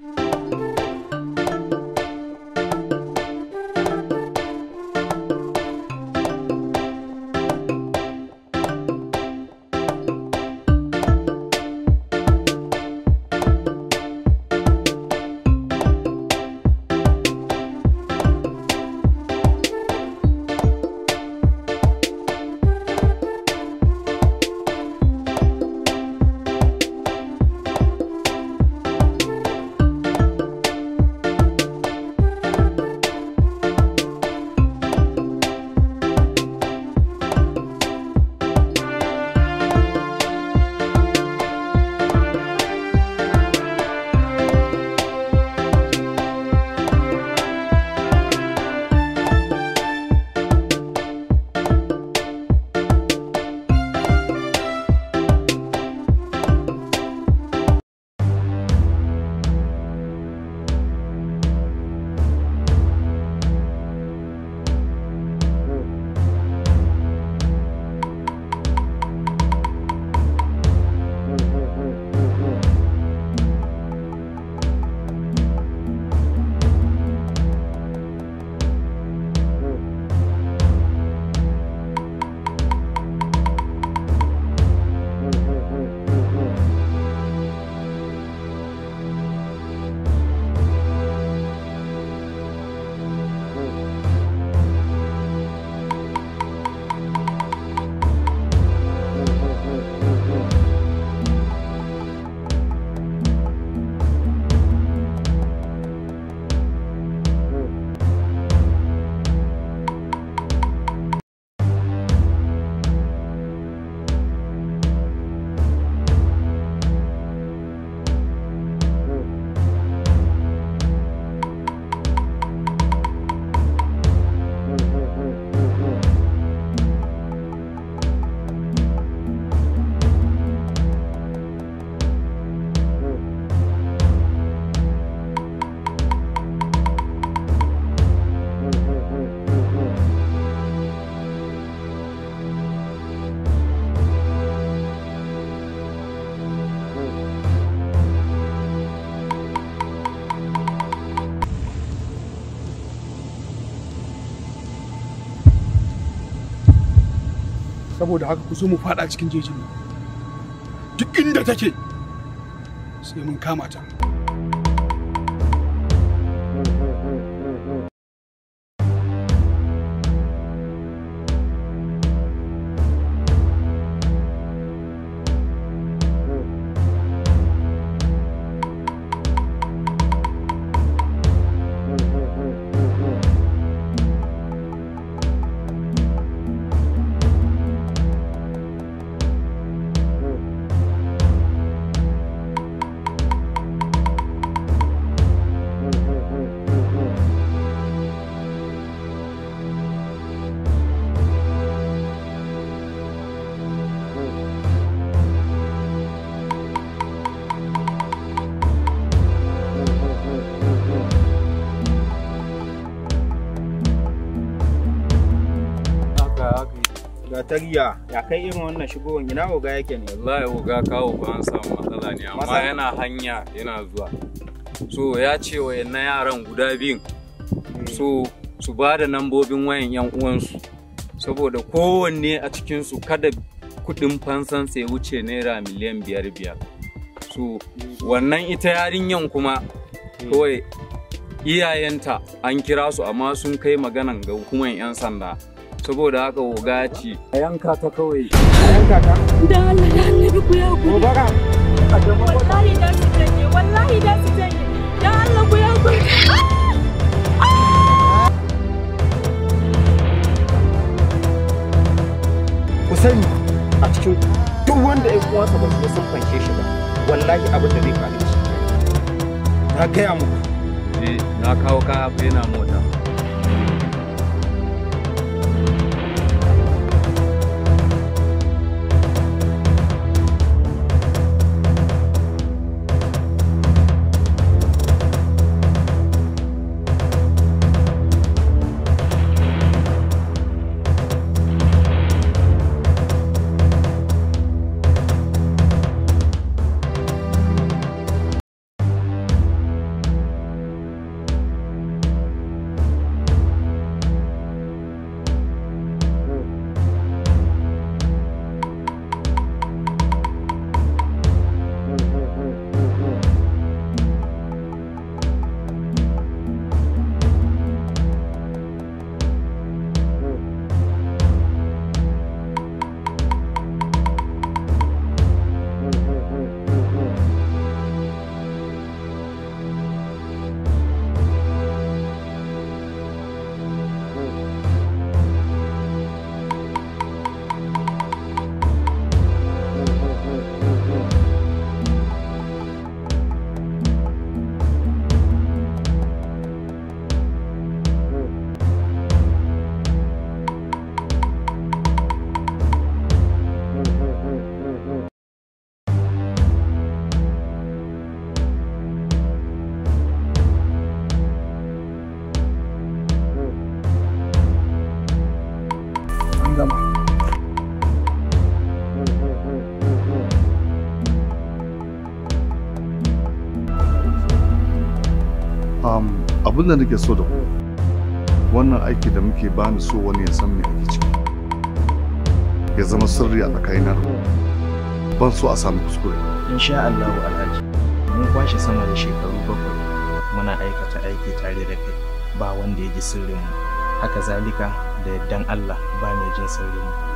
you saboda haka ku so mu fada cikin jejin duk inda take sai mun kama ta tarya ya kai irin wannan shigowan ina oga yake ne wallahi oga kawo ba an samu matsala ne amma yana hanya yana zuwa so ya ce wa na yaran guda biyun hmm. so su ba da nambobin wayan yan uwansu saboda kowanne a cikinsu kada kudin fansan sai wuce naira miliyan biyar biyar so hmm. wannan ita yarinyan kuma hmm. kawai iyayenta an kira su amma sun kai maganan ga hukumar 'yan sanda saboda haka oga ya ce a yanka ta kawai a yanka ta da Allah da annabi ku ya ku gobara wallahi da su janye wallahi da su janye da Allah ku ya ku ah! ku sani a cikin duk wanda ya kuwa ta basu sun fanke shi ba wallahi abin da zai faru da shi na gaya muku eh, na kawo kaya yana mota abin da nake so da ku wannan aiki da muke ba ni so wani ya san me ake ciki ya zama sirri a tsakanina ban so a samu kuskure insha allahu alhaji mun kwashe sama da shekaru bakwai muna aikata aiki tare da kai ba wanda ya ji sirrin mu haka zalika da yaddan Allah ba mai jin sirrin mu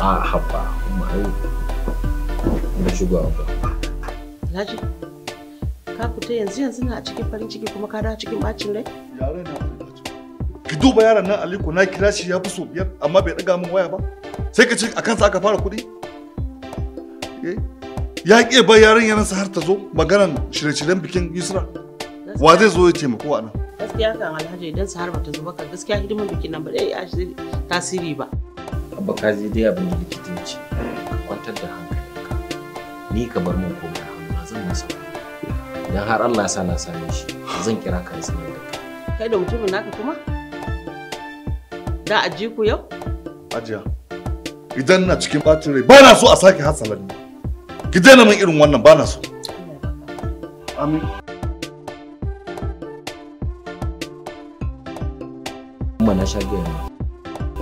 Ah, about? ai na shigowa ba Alhaji ka fita yanzu yanzu na a cikin farin ciki kuma ka dawo cikin bacin rai yaro na ki duba yaron nan Aliko na kira shi ya fi so biyar amma bai daga min waya ba sai ka ce a kansa aka fara kuɗi eh? ya ƙi bar yaron sa har ta zo maganan shirye-shiryen bikin Yusra wa zai zo ya taimako a nan gaskiya kan alhaji idan su har bata zo ka gaskiya hidimin bikin nan ba zai tasiri ba abba kazi dai abin da likita kwantar da hankalinka ni ka bar mun komai a hannuna zan masa idan har Allah ya sa na same shi zan kira ka sanar da kai kai da mutumin naka kuma da a ji ku yau ajiya idan na cikin bacin rai ba na so a sake hasalan ni ki daina min irin wannan ba na so amin kuma na sha gaya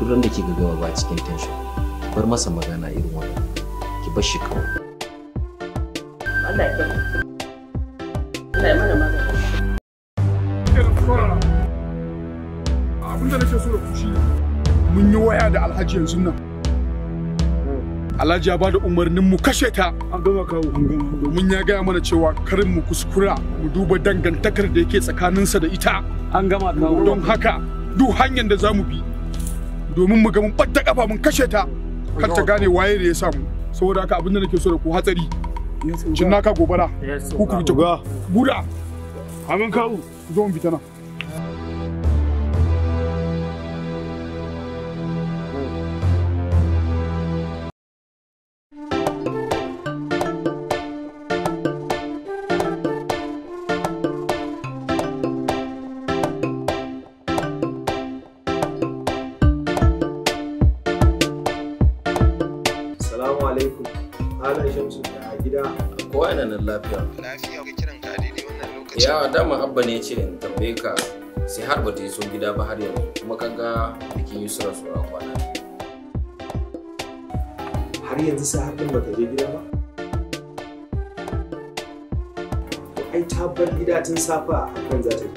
duk da ke gaggawa ba cikin tension bar masa magana irin wannan bashi kawai mun yi waya da alhaji yanzu nan alhaji ya ba da umarnin mu kashe ta an gama kawo domin ya gaya mana cewa karin mu kuskura mu duba dangantakar da yake tsakaninsa da ita an gama kawo don haka duk hanyar da za mu bi domin mu ga mun ɓadda ƙafa mun kashe ta kar ta gane waye da ya samu saboda haka abin da nake so da ku hatsari naka gobara ku ku ta buda amin kawo zo mu fita nan lafiya. Lafiya ga kiran ka daidai wannan lokaci. Yawa dama abba ne ce in tambaye ka sai har ba ta yi gida ba har yanzu kuma kaga bikin Yusra Sura kwana. Har yanzu sai har ba ta je gida ba? Ai ta bar gida tun safa kan za ta yi.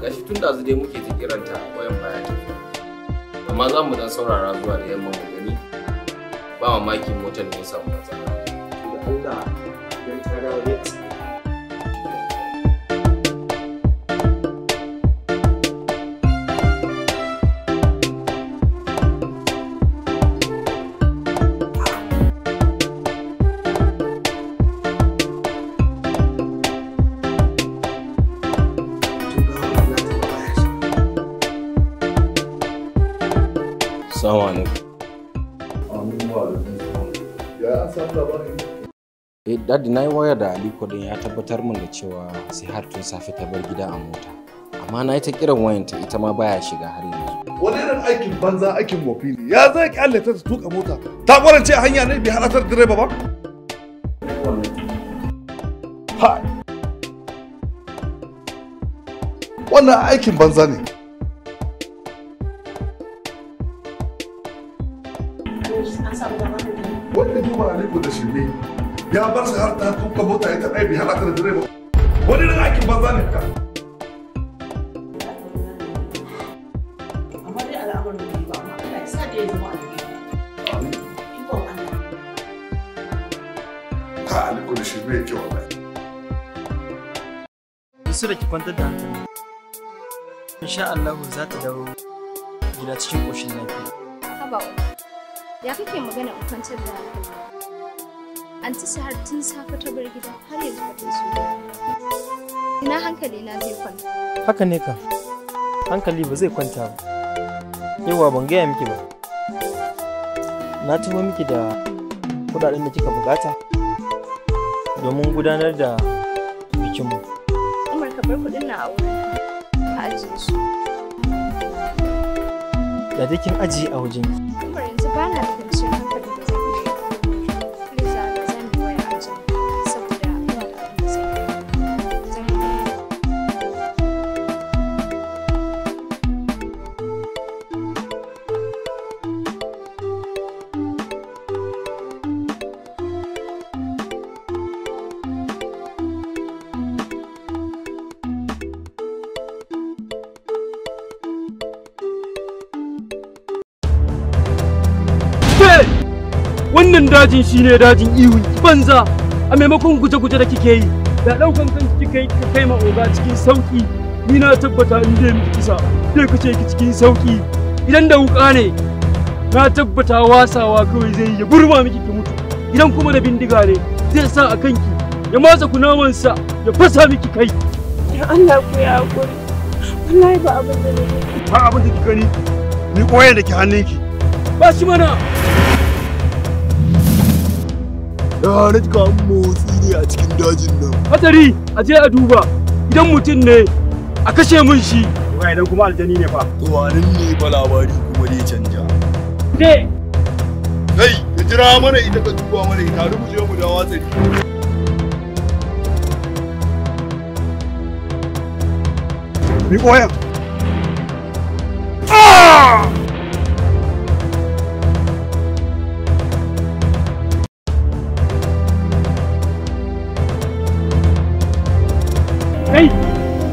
Gashi tun da dai muke ta kiranta bayan baya ta amma za mu dan saurara zuwa da yamma mu gani ba mamaki motar ne ya samu matsala. Allah daddy na yi waya da aliko din ya tabbatar min da cewa sai har tun safe ta bar gida a mota amma na yi ta kiran wayanta ita ma baya shiga har yanzu wani irin aikin banza aikin wofi ne ya zai kyalle ta tuka mota ta kwarance a hanya ne bai halatar direba ba wannan aikin banza ne ya bar su har ta tuka mota ita ɗaya bai halata da direba wani irin aikin banza ne ka ka da ki kwantar da hankali insha allahu za ta dawo gida cikin ƙoshin lafiya ya kake magana kwantar da hankali An su har tun safe ta bar gida har yanzu ba ta so ina hankali na zai kwanta haka ne ka hankali ba zai kwanta ba yawa ban gaya miki ba na tuba miki da kudaden da kika bukata domin gudanar da bikinmu umar ka bar kudin na a wurin ka ajiye su da kin ajiye a wajen ki wannan dajin shine dajin ihu banza a maimakon guje-guje da kike yi da daukan kanki kika yi kai ma oga cikin sauki ni na tabbata in dai miki kisa zai kace ki cikin sauki idan da wuka ne na tabbata wasawa kawai zai ya burma miki ki mutu idan kuma da bindiga ne zai sa a kanki ya matsa kunawansa ya fasa miki kai ya Allah ku ya hakuri wallahi ba abin da ne ba abin da kika ni ni koyar da ki hannunki ba shi mana ranar ka motsi ne a cikin dajin nan hatsari a je a duba idan mutum ne a kashe mun shi ga idan kuma aljani ne fa to anan ne fa labari kuma ne canja dai kai jira mana ita ka duba mana ita rubuce mu da watsari Miƙo yan.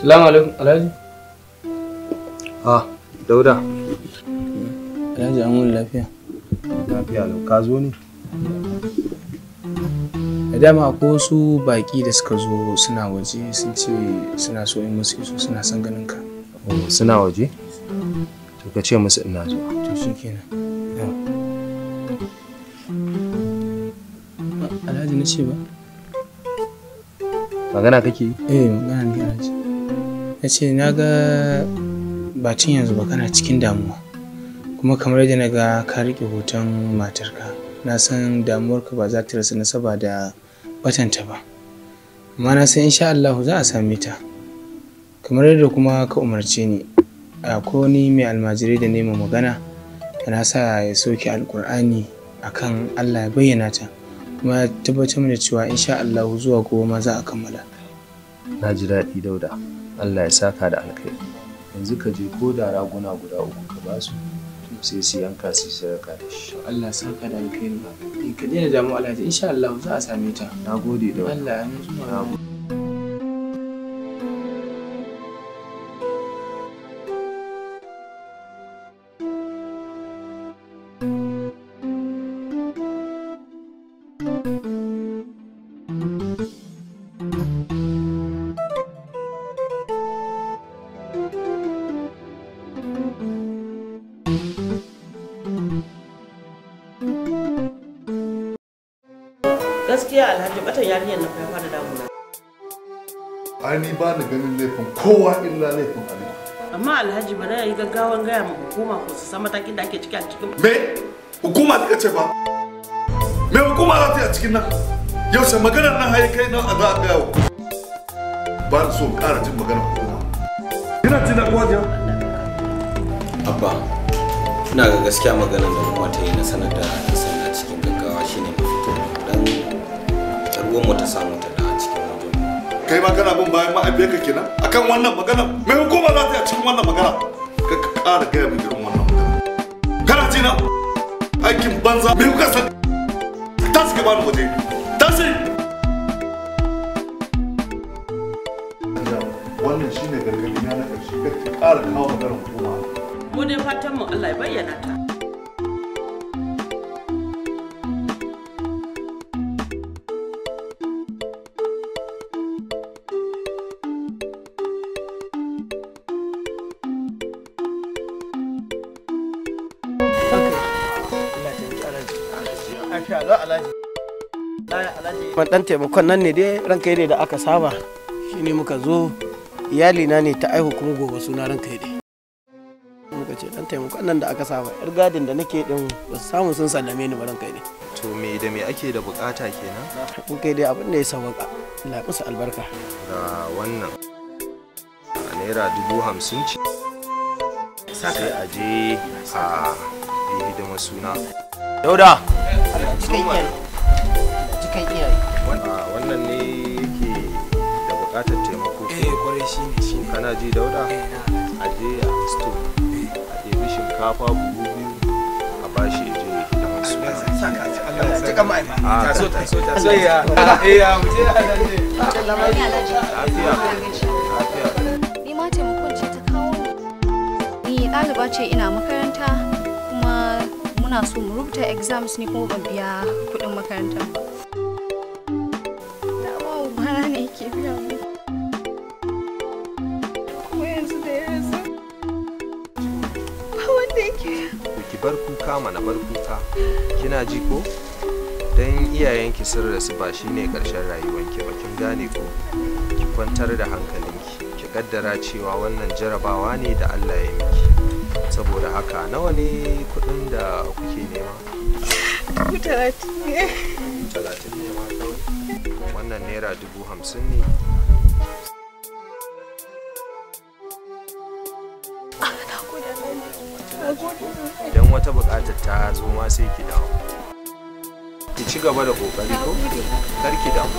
Salamu alaikum Alhaji. Ah, Dauda. Alhaji an wuni lafiya. Lafiya lau ka zo ne? Da dama ko su baki da suka zo suna waje sun ce suna so in musu iso suna son ganin ka. Oh, suna waje? To ka ce musu ina zo. To shi kenan. Alhaji na ce ba. Magana kake yi? Eh, magana ne Alhaji. na ce na ga batun yanzu ba kana cikin damuwa kuma kamar yadda na ga ka riƙe hoton matarka na san damuwarka ba za ta rasa nasaba da batanta ba amma na san insha Allah za a same ta kamar yadda kuma ka umarce ni a ni mai almajirai da neman magana da na sa ya soke alkur'ani akan Allah ya bayyana ta kuma ya tabbatar mana cewa insha Allah zuwa goma za a kammala na ji daɗi dauda Allah ya saka da alkai yanzu ka je ko da raguna guda uku ka ba su sai su yanka su sadaka da shi Allah saka da alkai ba ka daina damu Allah insha Allah za a same ta nagode da Allah ya nuna ba yarinyar nan ya fara damuna ai ni ba ni ganin laifin kowa illa laifin ali amma alhaji bana yi gaggawan gaya ma hukuma ko su san matakin da ake ciki a cikin me hukuma suka ce ba me hukuma za ta yi a cikin nan yaushe maganar nan hayi kai nan a za a gaya wa ba ni so ƙara jin maganar hukuma kina jina kuwa jiya abba ina ga gaskiya maganar da kuma ta yi na sanar da mu ta samu ta da cikin wajen kai ma kana bin bayan ka kenan akan wannan magana mai hukuma za ta yi a cikin wannan magana ka kara gaya min irin wannan magana kana ji na aikin banza mai kuka san tashi ka bani waje tashi wannan shine gargadi na na karshe ka kara kawo maganar hukuma mu ne fatan mu Allah ya bayyana ta dan taimakon nan ne dai ranka ne da aka saba shine muka zo iyalina ne ta aihu kuma gobe suna ranka ne muka ce dan taimakon nan da aka saba yar gadin da nake din ba su samu sun sallame ni ba ranka dai to me da me ake da bukata kenan in kai dai abin da ya sauka Allah musu albarka da wannan a naira dubu hamsin ce sai a je a yi hidimar suna dauda cikin you. Ah, wannan ne yake da bukatar taimako eh kwarai kana ji dauda eh, a je a sto a ɗebi shinkafa buhu biyu a bashi ya je ma ni ɗaliba ce ina makaranta kuma muna so mu rubuta exams ne kuma ban biya kuɗin makaranta lafiya ya rasa ba ki bar kuka mana bar kuka kina ji ko dan iyayenki sun rasu ba shine karshen rayuwarki ba kin gane ko ki kwantar da hankalinki ki kaddara cewa wannan jarabawa ne da Allah ya miki saboda haka nawa ne kudin da kuke nema wannan naira dubu hamsin ne idan wata bukata ta zo ma sai ki dawo ki ci gaba da kokari ko kar ki dawo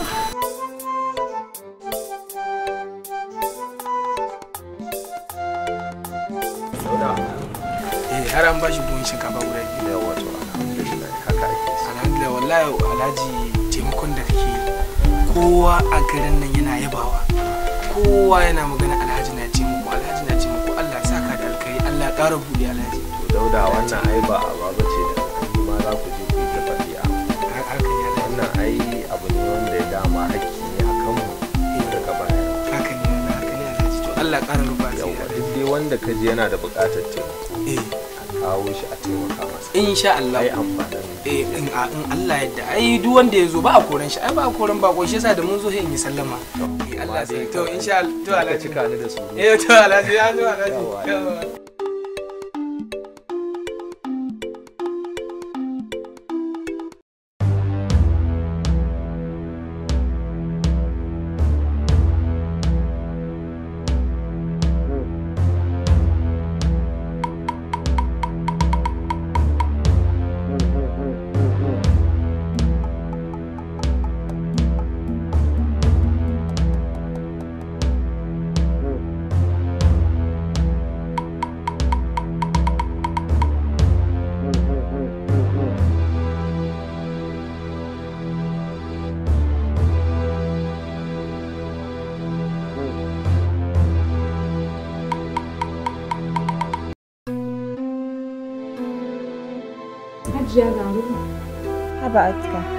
eh, har an bashi buhun shinkafa guda biyu. Yawa to alhamdulillah haka ake. Alhamdulillah wallahi alhaji kowa a garin nan yana yabawa kowa yana magana alhaji na ce muku alhaji na ce muku Allah ya saka da alkai Allah ƙara buɗe alhaji to dauda wannan ai ba a baba ce da ma za ku je ku ta fadi a ya da wannan ai abu ne wanda ya dama haƙƙi ne a kanmu da ka bayar haka ne wannan haka ne alhaji to Allah ƙara rufa sai duk dai wanda ka ji yana da buƙatar taimako eh. a kawo shi a taimaka masa insha Allah ai amfanin in a in Allah yadda ai duk wanda ya zo ba a koran shi ai ba a koran ba ko shi yasa da mun zo sai in yi sallama to Allah sai to insha Allah to Allah cika ni da su eh to Allah sai ya zo Allah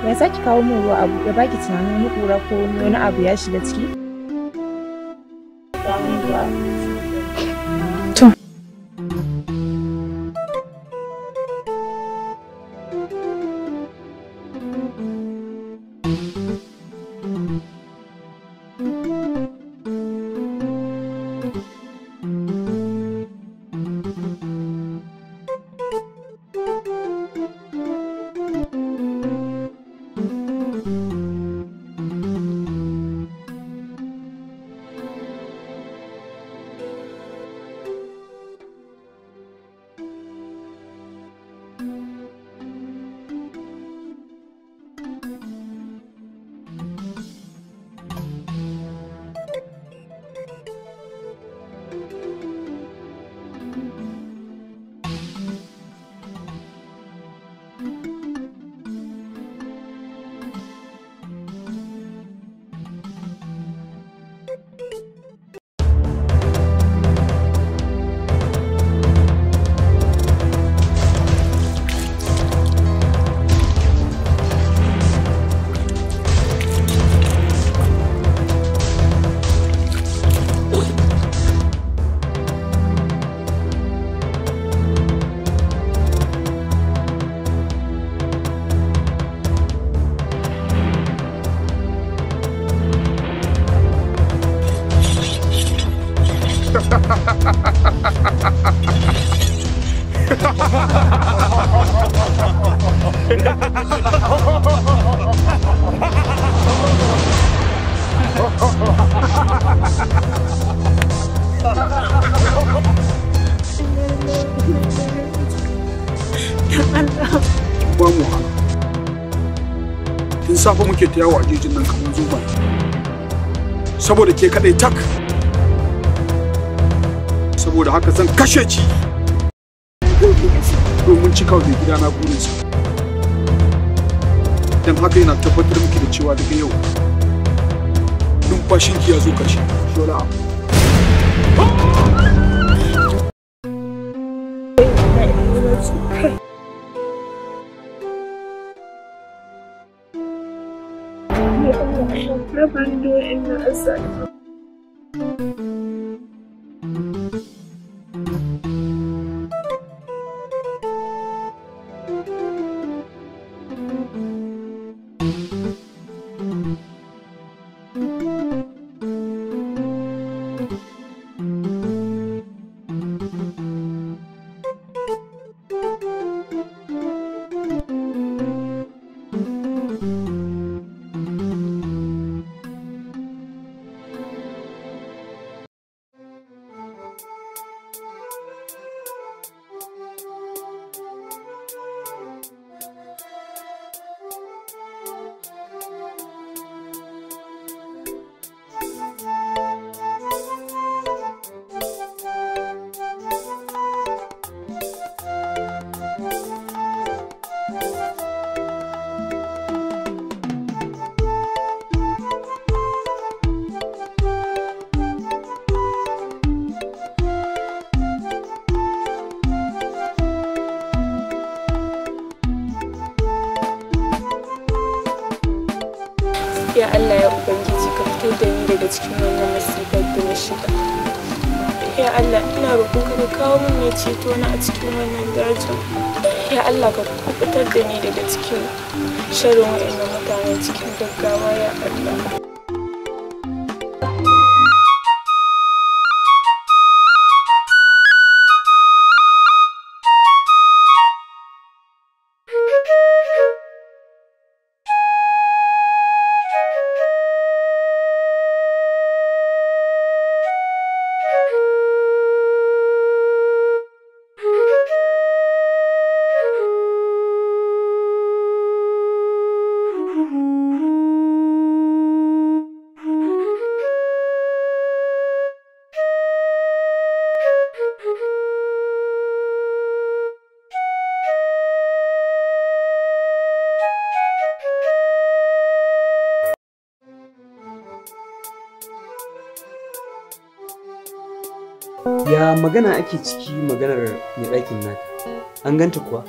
ya sake kawo min ruwa abu ya baki tunanin wani ƙura ko wani abu ya shiga ciki? yawo a jejin nan kamar zuba saboda ke kadai tak saboda haka zan kashe ki domin cika da gida na su don haka yana tabbatar miki da cewa daga yau numfashinki ya zo kashe shola second. cikin wannan masifar da na shiga ya Allah ina roƙon ka kawo min mai ceto na a cikin wannan dajin ya Allah ka kubutar da ni daga cikin sharin wa'annan mutane cikin gaggawa ya Allah magana ake ciki maganar mai ɗakin naka an ganta kuwa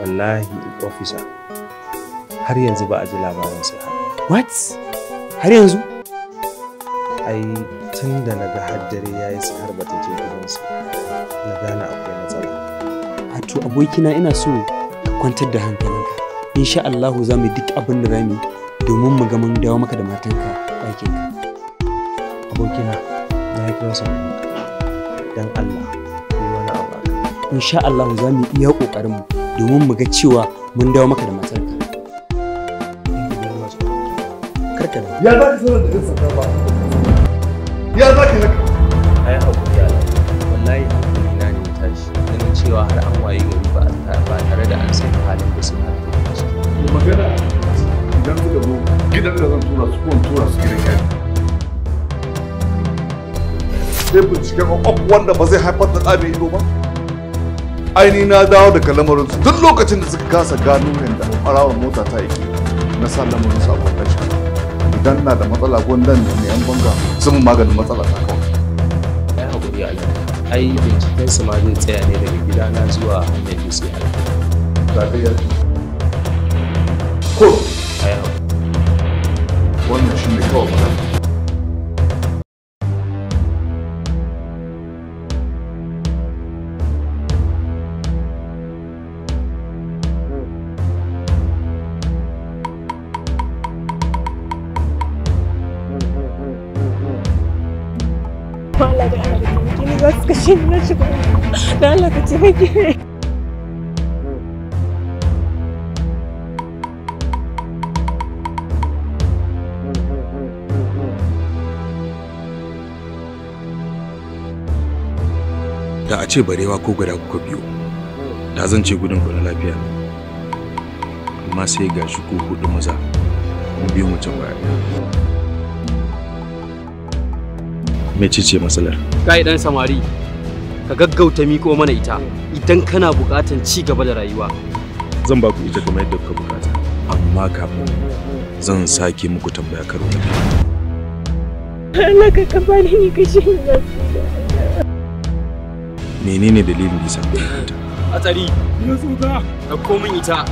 wallahi ofisa har yanzu ba a ji labarinsa what har yanzu ai tun da na ga haddare ya yi har ba ta je gidansa na gane akwai matsala a abokina ina so ka kwantar da hankalinka insha Allah za mu duk abin da zamu domin mu ga mun dawo maka da matanka ɗakinka abokina na yi kiransa dan Allah ku yi wani abu Allah za mu iya kokarin mu domin mu ga cewa mun dawo maka da matsarka ka da ya za ka sanar da kansa ka ba ya za ka haka ai hakuri ya wallahi ina ne tashi ganin cewa har an waye gari ba ba tare da an san halin da suka yi magana idan suka zo gidan da zan tura su kun tura su gidan kai sai binciken ƙwaƙwaf wanda ba zai haifar da tsamin ido ba aini na dawo daga su duk lokacin da suka kasa gano yadda ɓarawar mota ta yake na sa lamarin su abokan shi idan na da matsala gwandan da mai yan banga sun maganin matsala ta kawai ya haƙuri a yi ai binciken su ma zai tsaya ne daga gidana zuwa hanyar ko wannan shi ne kawai shi na da ka da a ce barewa ko gada kuka biyo da zan ce gudun ku na lafiya amma sai ga shi ko hudu maza ko biyo mu can baya ce ce matsalar kai dan samari ka gaggauta miko mana ita idan kana buƙatan ci gaba da rayuwa zan ba ku ita kuma yadda kuka buƙata amma kafin zan sake muku tambaya karo na Allah ka kafa ni ka shi menene dalilin da sa ka a tsari na tsuga da komin ita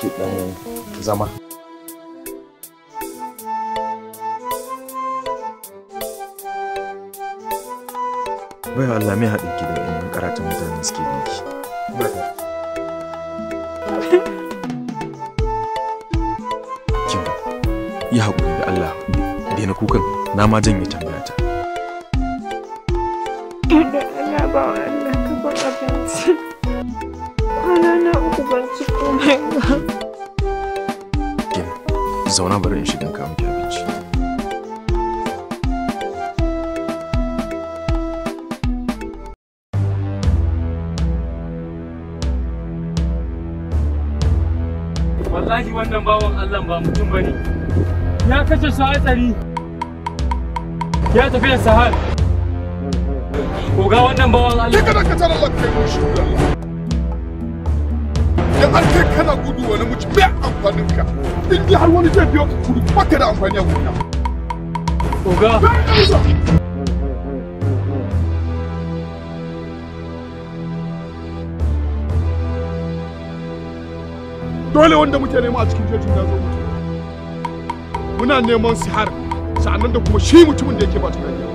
ake ɗan zama bai Allah mai haɗin ki da wani karatun mutanen suke binki. Kin yi haƙuri da Allah daina kukan na ma janye tamba. wannan bawan Allah ba mutum bane ya kashe su hatsari ya tafi da sahal ko ga wannan bawan Allah ka tsara da an kai kana gudu wani muci bai amfanin ka in har wani zai biyo ka baka da amfani a ko ga dole wanda muke nema a cikin jejin ya zo muna neman har sa'annan da kuma shi mutumin da yake ba tunani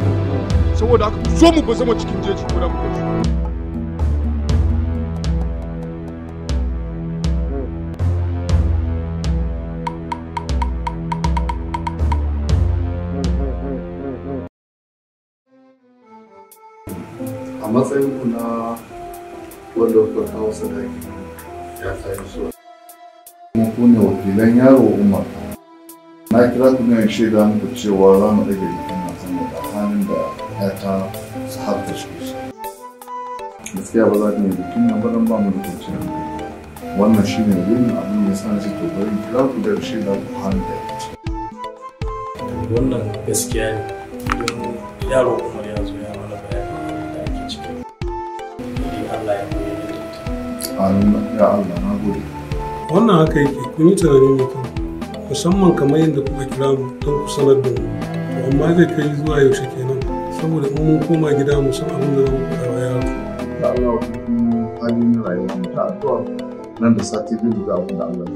saboda haka zo mu ba zama cikin jeji guda mu kai matsayin ku na wanda kuka kawo sadaki ya tayi zuwa ku ne wakilan yaro umar na kira ku ne shaida muku cewa za mu rage bikin wasan da tsakanin da yata su har da shi gaskiya ba za ta yi bikin nan ba don ba mu da kwanciyar wannan shi ne yin abin da ya sa ce to bari kira ku da shaida ku hannu da wannan gaskiya ne don yaro umar ya zo ya mana bayanin da ake ciki Allah ya koya da ita. Amin ya Allah na gode. wannan haka yake kun yi tunani mai musamman kamar yadda kuka kira mu don ku sanar da mu to amma zai kai zuwa yaushe kenan saboda in mun koma gida mu san abin da zan mu koya yaro ta Allah wa halin rayuwa mu ta addu'a nan da sati biyu da abin da Allah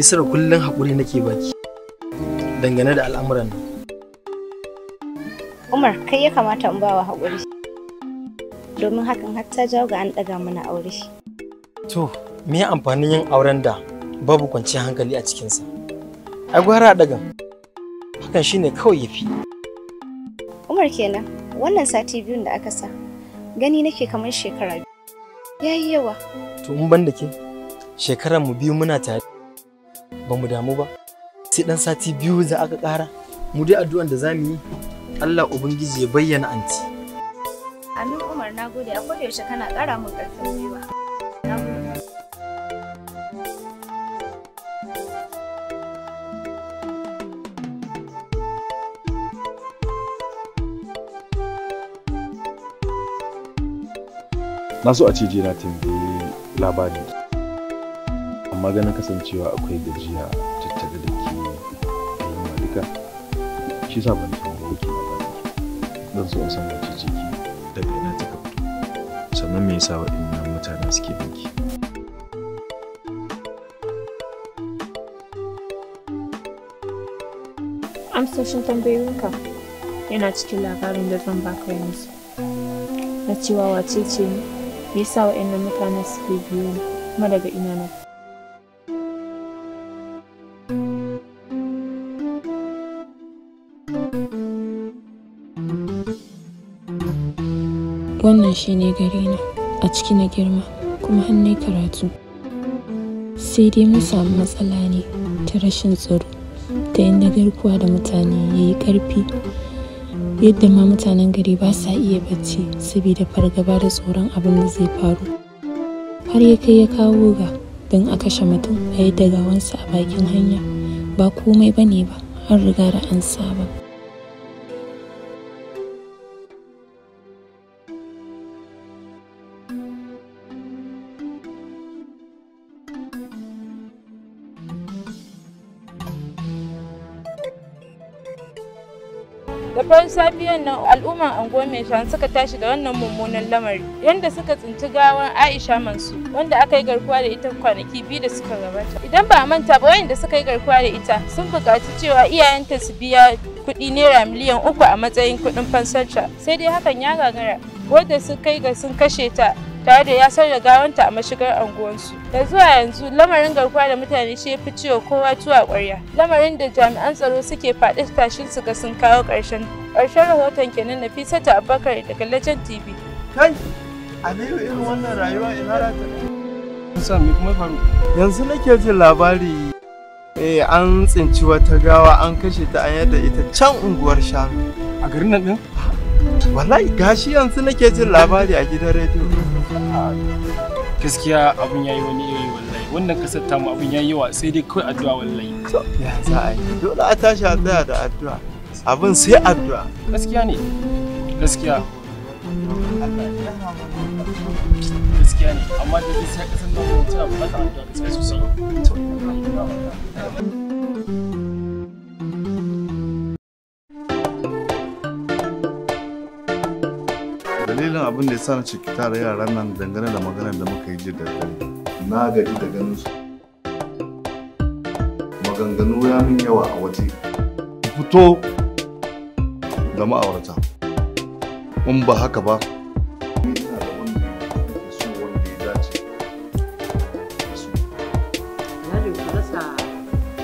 ya kullum haƙuri nake baki dangane da al'amuran nan. Umar kai ya kamata in bawa haƙuri. Domin hakan har ta jawo ga an ɗaga mana aure. To, me amfanin yin auren da babu kwanciyar hankali a cikinsa? A gwara a ɗagan. Hakan shine kawai ya fi. Umar kenan, wannan sati biyun da aka sa, gani nake kamar shekara biyu. Ya yi yawa. To, in ban da ke, shekarar mu biyu muna tare. Ba mu damu ba. Sai ɗan sati biyu za aka kara, Mu dai addu'an da za mu yi Allah Ubangiji ya bayyana anti. Amin Umar na gode a yaushe kana ƙara min ƙarfin gwiwa. Na so a ce jira tambayi labari amma ganin kasancewa akwai gajiya tattare da ke a duka shi sa ban zan so in san wace daga ina ta sannan me yasa waɗannan mutane suke binki amsoshin tambayoyinka yana cikin labarin da zan baka yanzu na cewa wace ce ni me yasa waɗannan mutane suke biyu kuma daga ina na Wannan shi ne gare ni a ciki na girma, kuma hannun karatu. Sai dai mun samu matsala ne ta rashin tsaro, ta yadda garkuwa da mutane ya yi ƙarfi, yadda ma mutanen gari ba sa iya bacci saboda fargaba da tsoron abin da zai faru. Har ya kai ya kawo ga don a kashe mutum a yi dagawansa a bakin hanya, ba komai ba ne ba, an riga da an saba. wannan nan al'umman anguwar mai shan suka tashi da wannan mummunan lamari yadda suka tsinci gawan aisha mansu wanda aka yi garkuwa da ita kwanaki biyu da suka gabata idan ba a manta ba wayanda suka yi garkuwa da ita sun buƙaci cewa iyayenta su biya kuɗi naira miliyan uku a matsayin kuɗin fansarta sai dai hakan ya gagara wadda sun kai ga sun kashe ta tare da yasar da gawanta a mashigar anguwansu da zuwa yanzu lamarin garkuwa da mutane shi fi ciwo kowa tuwa ƙwarya lamarin da jami'an tsaro suke faɗi tashin su ga sun kawo ƙarshen Ƙarshen rahoton kenan Nafisa ta Abubakar daga Legend TV. Kai, a irin wannan rayuwa ina rata ne. Sa kuma faru? Yanzu nake jin labari eh an tsinci wata gawa an kashe ta an yadda ita can unguwar shanu. A garin nan din? Wallahi gashi yanzu nake jin labari a gidan rediyo. Gaskiya abin yayi wani iri wallahi wannan kasar tamu abin yayi wa sai dai kawai addu'a wallahi. Ya za a yi dole a tashi a tsaya da addu'a. abin sai addu'a gaskiya ne gaskiya gaskiya ne amma da sai kasan nan tana bukatar addu'a gaskiya sosai dalilin abin da ya sa na ce ki yaran nan dangane da maganar da muka yi ji da dare na gaji da ganin su maganganu ya min yawa a waje fito da ma'aurata in ba haka ba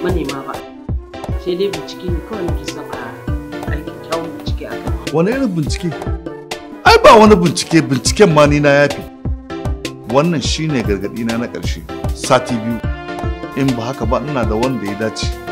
manema ba kawai bincike wani irin bincike ai ba wani bincike binciken ma ni na yafi wannan shine gargadi na na ƙarshe sati biyu in ba haka ba ina da wanda ya dace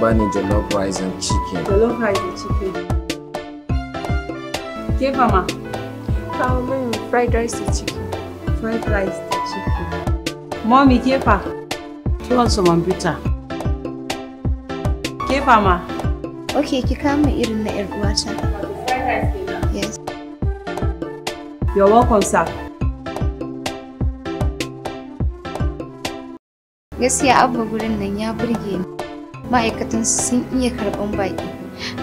bani jollof rice and chicken. Jollof rice and chicken. Ke ma? Kawo min fried rice and chicken. Fried rice and chicken. Mommy ke fa? Tuwon su man bita. Ke fa ma? Ok, ki kama irin na 'yar uwata. Fried rice Yes. You're welcome, sir. gaskiya abba gurin nan ya burge ma'aikatan sun iya karɓan baƙi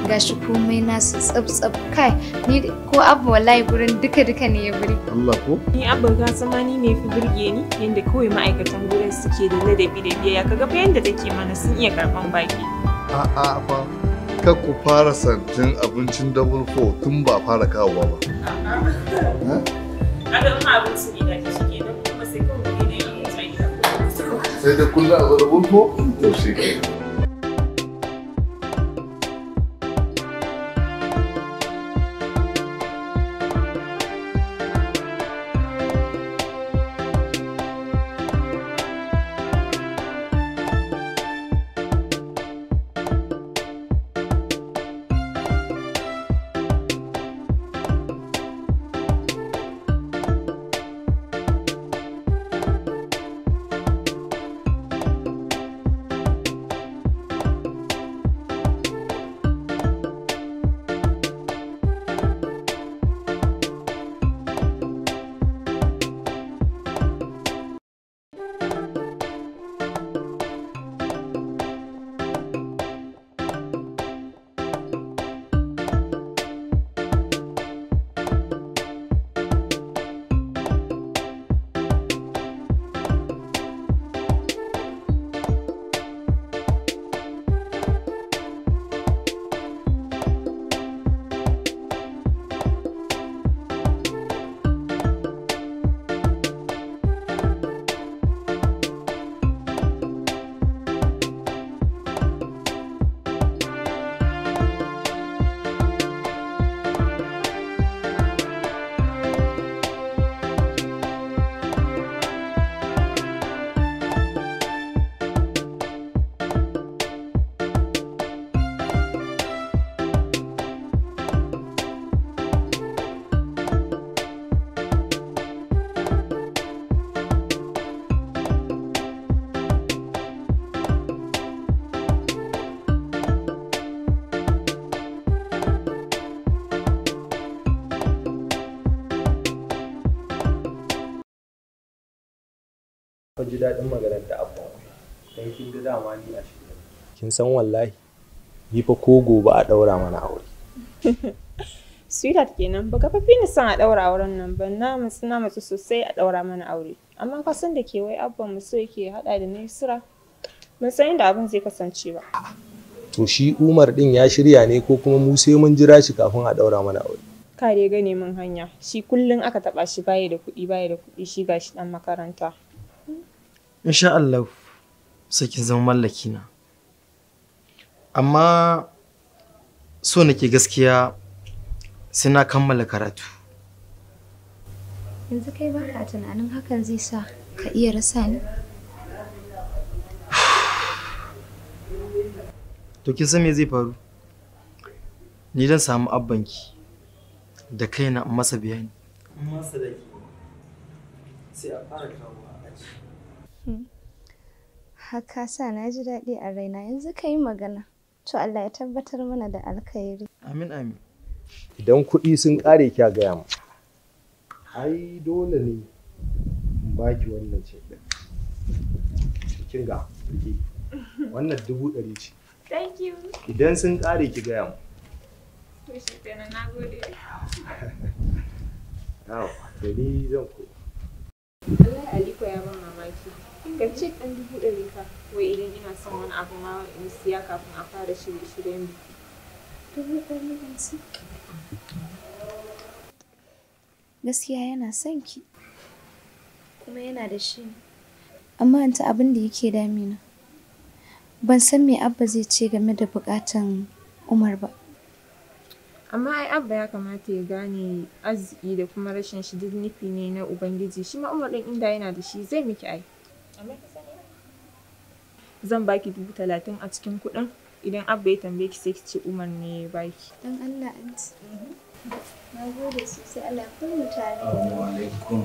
gashi komai nasu tsab-tsab kai ni ko abu wallahi gurin duka-duka ne ya buri Allah ko ni abu ga zama ni ne fi burge ni yanda kawai ma'aikatan gurin suke da ladabi da biyayya kaga fa yanda take mana sun iya karɓan baƙi a'a fa ka ku fara santin abincin double four tun ba fara kawowa ba a'a kaga ma abinci ne da shi kenan kuma sai kawai ne sai da kullum a zo double to shi kenan daɗin maganar da abba don kin ga dama ni a shirye kin san wallahi ni fa ko gobe a ɗaura mana aure sweetheart kenan ba fa fini san a ɗaura auren nan ba na matsu na sosai a ɗaura mana aure amma ka san da ke wai abban mu so yake haɗa da sura mun san inda abin zai kasance ba to shi Umar din ya shirya ne ko kuma mu sai mun jira shi kafin a ɗaura mana aure kare gane mun hanya shi kullum aka taɓa shi baya da kuɗi baya da kuɗi shi gashi ɗan makaranta insha Allah sai kin zama mallaki na amma so nake gaskiya sai na kammala karatu yanzu kai ba ka tunanin hakan zai sa ka iya rasa ni to kin san me zai faru ni dan samu abbanki da kaina in masa bayani masa da sai a fara kawo Haka sa na ji daɗi a raina yanzu ka yi magana. To Allah ya tabbatar mana da alkhairi. Amin amin. Idan kuɗi sun ƙare kya gaya mu. Ai dole ne in baki wannan ce ɗin. Kin ga wannan dubu ɗari ce. Thank you. Idan sun ƙare ki gaya mu. To shi na gode. Yawa, ni zan Allah Aliko ya ba Ka ɗan dubu ɗari ka, wai idan ina son wani abu ma in siya kafin a fara shirye-shiryen Gaskiya yana son ki. Kuma yana da shi. Amma anta abin da yake damina. Ban san me Abba zai ce game da buƙatan Umar ba. amma ai abba ya kamata ya gane arziki da kuma rashin shi duk nufi ne na ubangiji shi ma umar din inda yana da shi zai miki aiki. Zan baki dubu talatin a cikin kuɗin idan abba ya tambaye ki sai ki ce Umar ne ya baki. Dan Allah anti. Na gode sosai Allah kun mutane. Assalamu alaikum.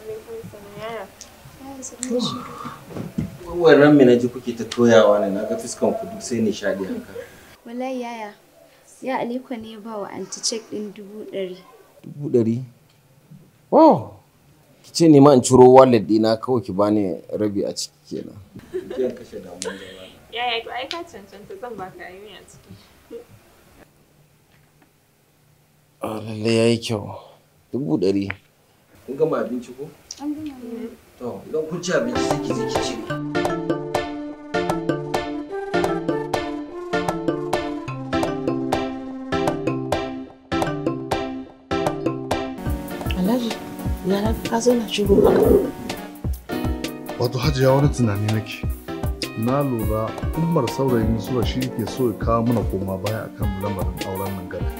Alaikum salam yara. Wannan me ji kuke ta toyawa ne na ga fuskan ku duk sai nishadi haka. Wallahi yaya. Ya Aliko ne ba wa anti ɗin dubu ɗari. Dubu ɗari? Wow! Oh! ki ce ni in ciro wallet dina kawai ki bani rabi a ciki kenan yaya to ai ka cancanta zan baka yi a ciki a ah, lalle yayi kyau dubu ɗari kun gama abinci ko an gama to idan kun ci abinci sai ki je ki cire ka zo na shigo haka wato hajiya wani tunani nake na lura ummar saurayin sura shi ke so ya kawo mana koma baya akan lamarin auren nan gaba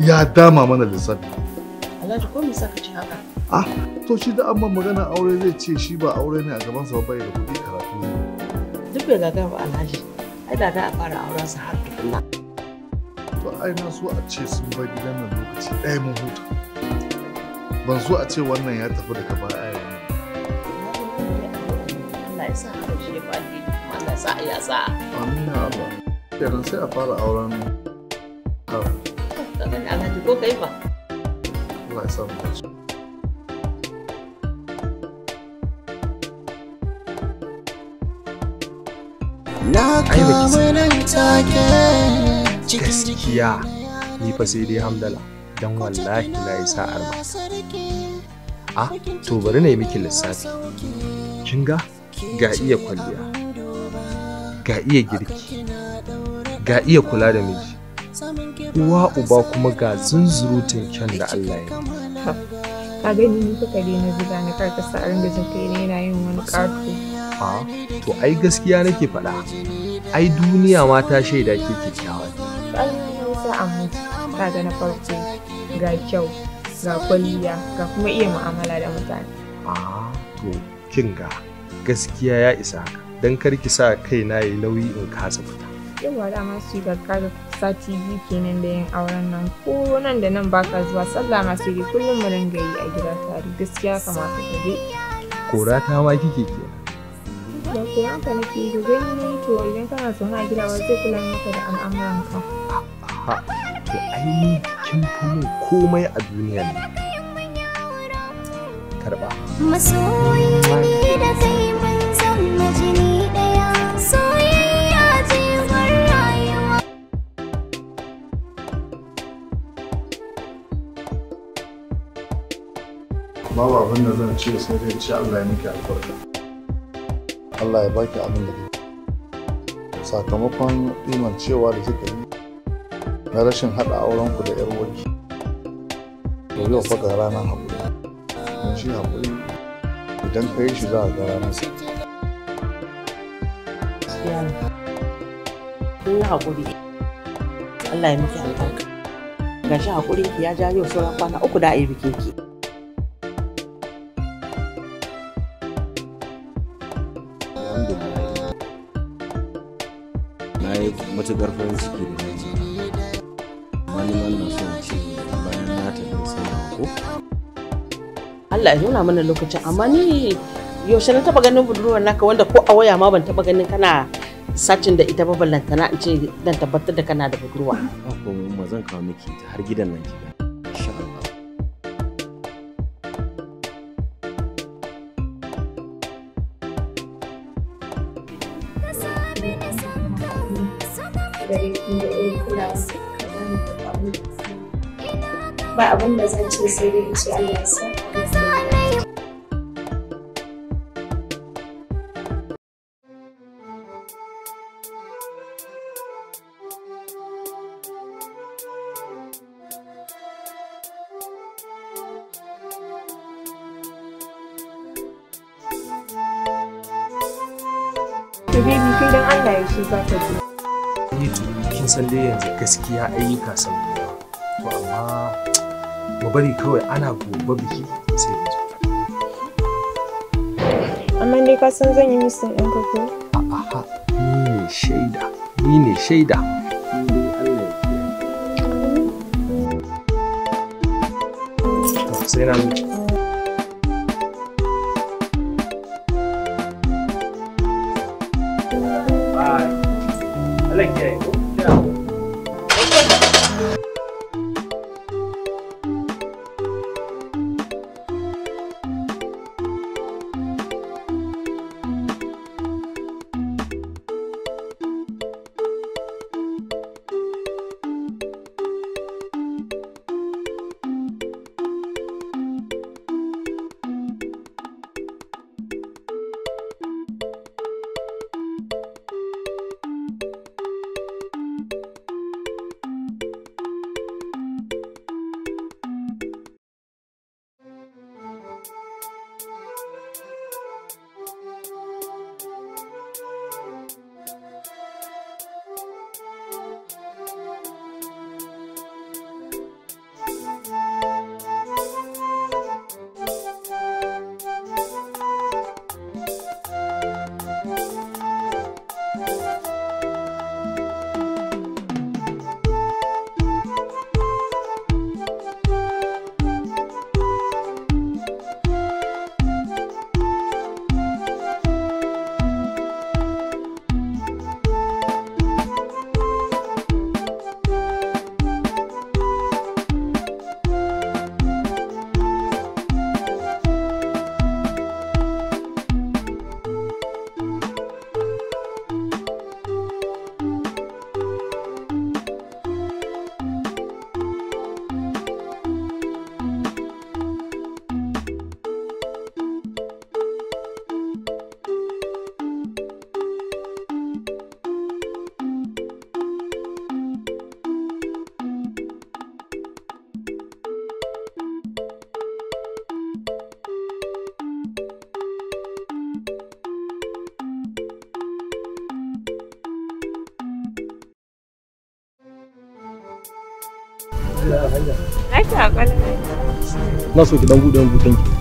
ya dama mana lissafi alhaji ko me saka ci haka ah to shi da amma magana aure zai ce shi ba aure ne a gaban sa ba da kuɗi karatu duk da gaga ba alhaji ai da da a fara auren sa har tukunna to ai na so a ce sun bar gidan nan lokaci ɗaya mun huta ban a ce wannan ya tafi da gaba a yau Allah ba kenan sai a fara auren ka kaga da alhaji ko kai ba Na kama nan take ciki. gaskiya ni fa sai dai hamdala don wallahi na yi sa'ar ba A to bari na yi miki lissafi. Kin ga ga iya kwalliya, ga iya girki, ga iya kula da miji. Uwa uba kuma ga zunzurutun kyan da Allah ya Ka gani ni kuka na zuba na karka sa da jin ne yana yin wani ƙarfi. A to ai gaskiya nake faɗa. Ai duniya ma ta shaida ke kyakkyawa. Ƙarfi ne sa amma kaga na farko ga kyau ga kwalliya ga kuma iya mu'amala da mutane ah to kin ga gaskiya ya isa haka don kar ki sa kai na yi nauyi in kasa fita yawa dama masu yi kaga sati biyu kenan da yin auren nan ko nan da nan baka zuwa sallah masu yi kullum mu ringa yi a gida tare gaskiya kamata ka je kora ta ma kike ke Da koran ka nake da gani ne to idan kana zaune a gida wa zai kula maka da al'amuranka to ainihin kin fi komai a duniya ne karba masoyi abin da zan ce sai dai ce Allah ya miki albarka Allah ya baki abin da sakamakon iman cewa da kika yi na rashin haɗa auren ku da yar waki to yau fa ga ranar haƙuri don shi haƙuri idan ka yi shi za a ga ranar sa kun yi haƙuri Allah ya miki albarka ga shi ki ya ja yau sauran kwana uku da a yi bikin ki na yi matuƙar farin ciki da halima na so ce bayan na tafi sai ko Allah ya nuna mana lokacin amma ni yaushe na taba ganin budurwar naka wanda ko a waya ma ban taba ganin kana sacin da ita ba ballantana in ce dan tabbatar da kana da budurwa ba ko zan kawo miki ta har gidan nan ki ba abin da zan ce sai dai ce Allah ya sa Habibi kai don Allah ya shi za ka ji. Ni kin san dai yanzu gaskiya ayyuka sun to amma mu bari kawai ana gobe biki sai mu zo amma dai ka san zan yi misin ɗin a A a'a ni ne shaida ni ne shaida sai na mutu na soki da buɗe mun tanki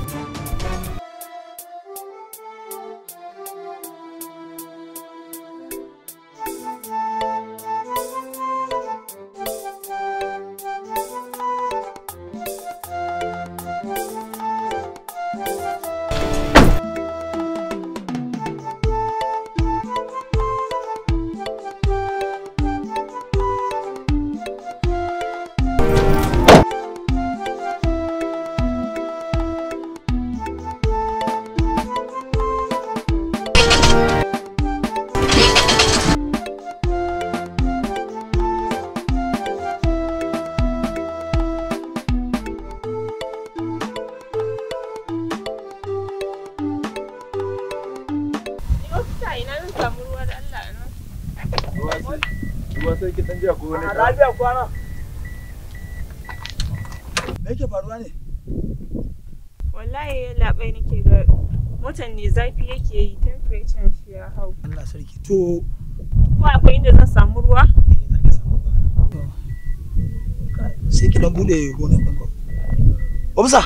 Musa,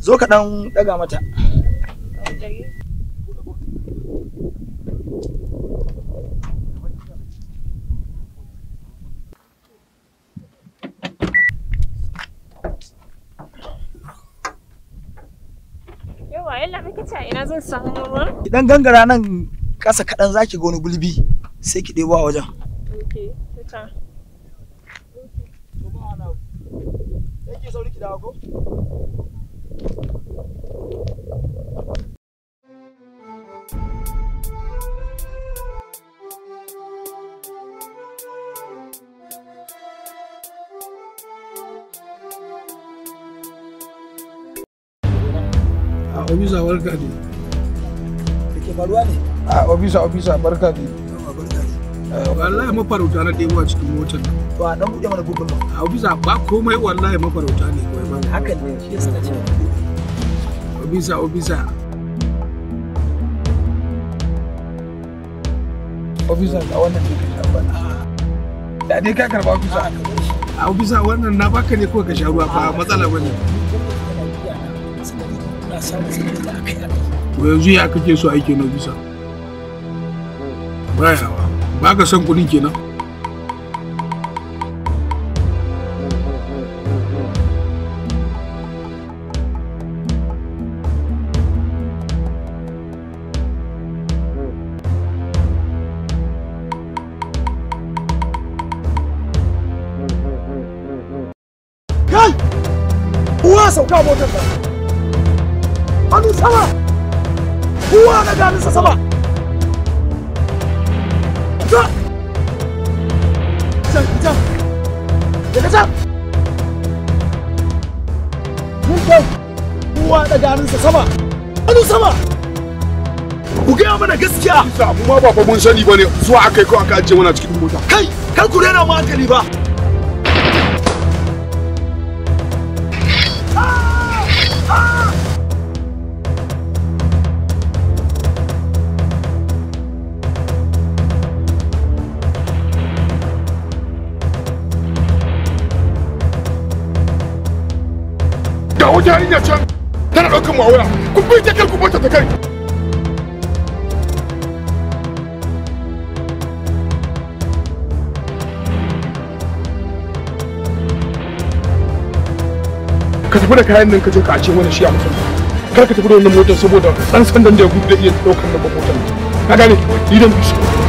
zo ka ɗan ɗaga mata. ina zan samu ruwan? Idan gangara nan ƙasa kaɗan zaki ga wani gulbi sai ki ɗebo a wajen. Hidalgo. A obisa barka ne. Da ke faruwa ne? A obisa obisa barka ne. wallahi mafarauta na ɗebo a cikin motar to a dan buɗe mana google a bisa ba komai wallahi mafarauta ne kawai ba haka ne shi suka ce obisa obisa obisa ga wannan ne ka sha da dai ka karba kusa a obisa wannan na baka ne kawai ka sha ruwa ba matsala bane to yanzu ya kake so aiki na bisa baya ba ka son kuɗin kenan gaskiya mu ma ba fa mun sani bane zuwa akai ko aka ajiye mana cikin mota kai kai ku rena mu hankali ba Da wajen hanyar can tana ɗaukan mawaya, ku bai ta kai bata ta kai. tafi da kayan nan ka je ka ace mana shi a mutum kar ka tafi da wannan motar saboda dan sandan da ya gudu da iya daukar nan motar ka gane idan bishiyar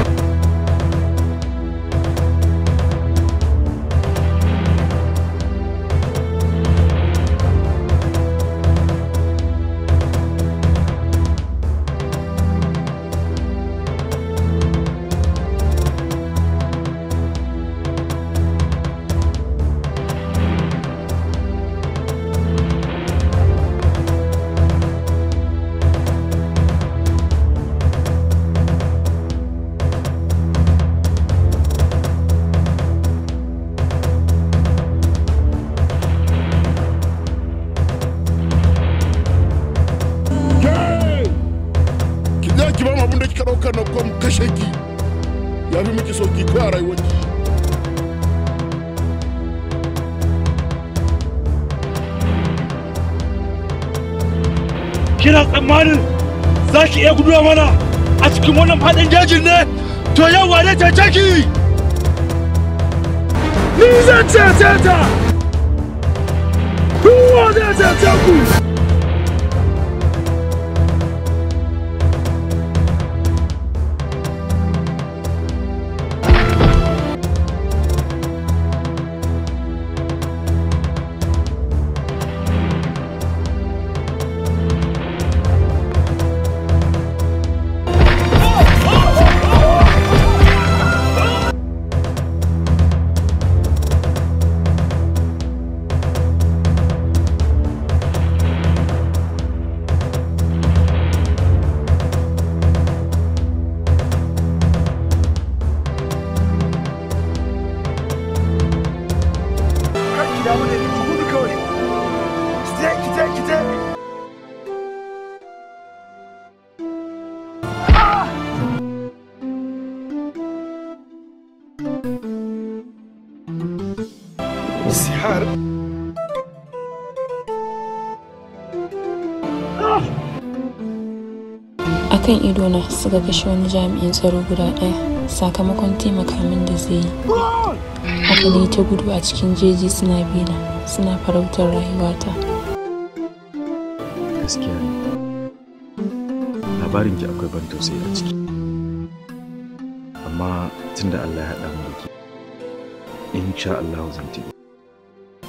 kan na suka kashe wani jami'in tsaro guda ɗaya sakamakon taimaka min da zai yi haka ne ta gudu a cikin jeji suna bina suna farautar rayuwata labarin ki akwai ban tausayi a ciki amma tunda Allah ya haɗa da ke insha Allah zan tafi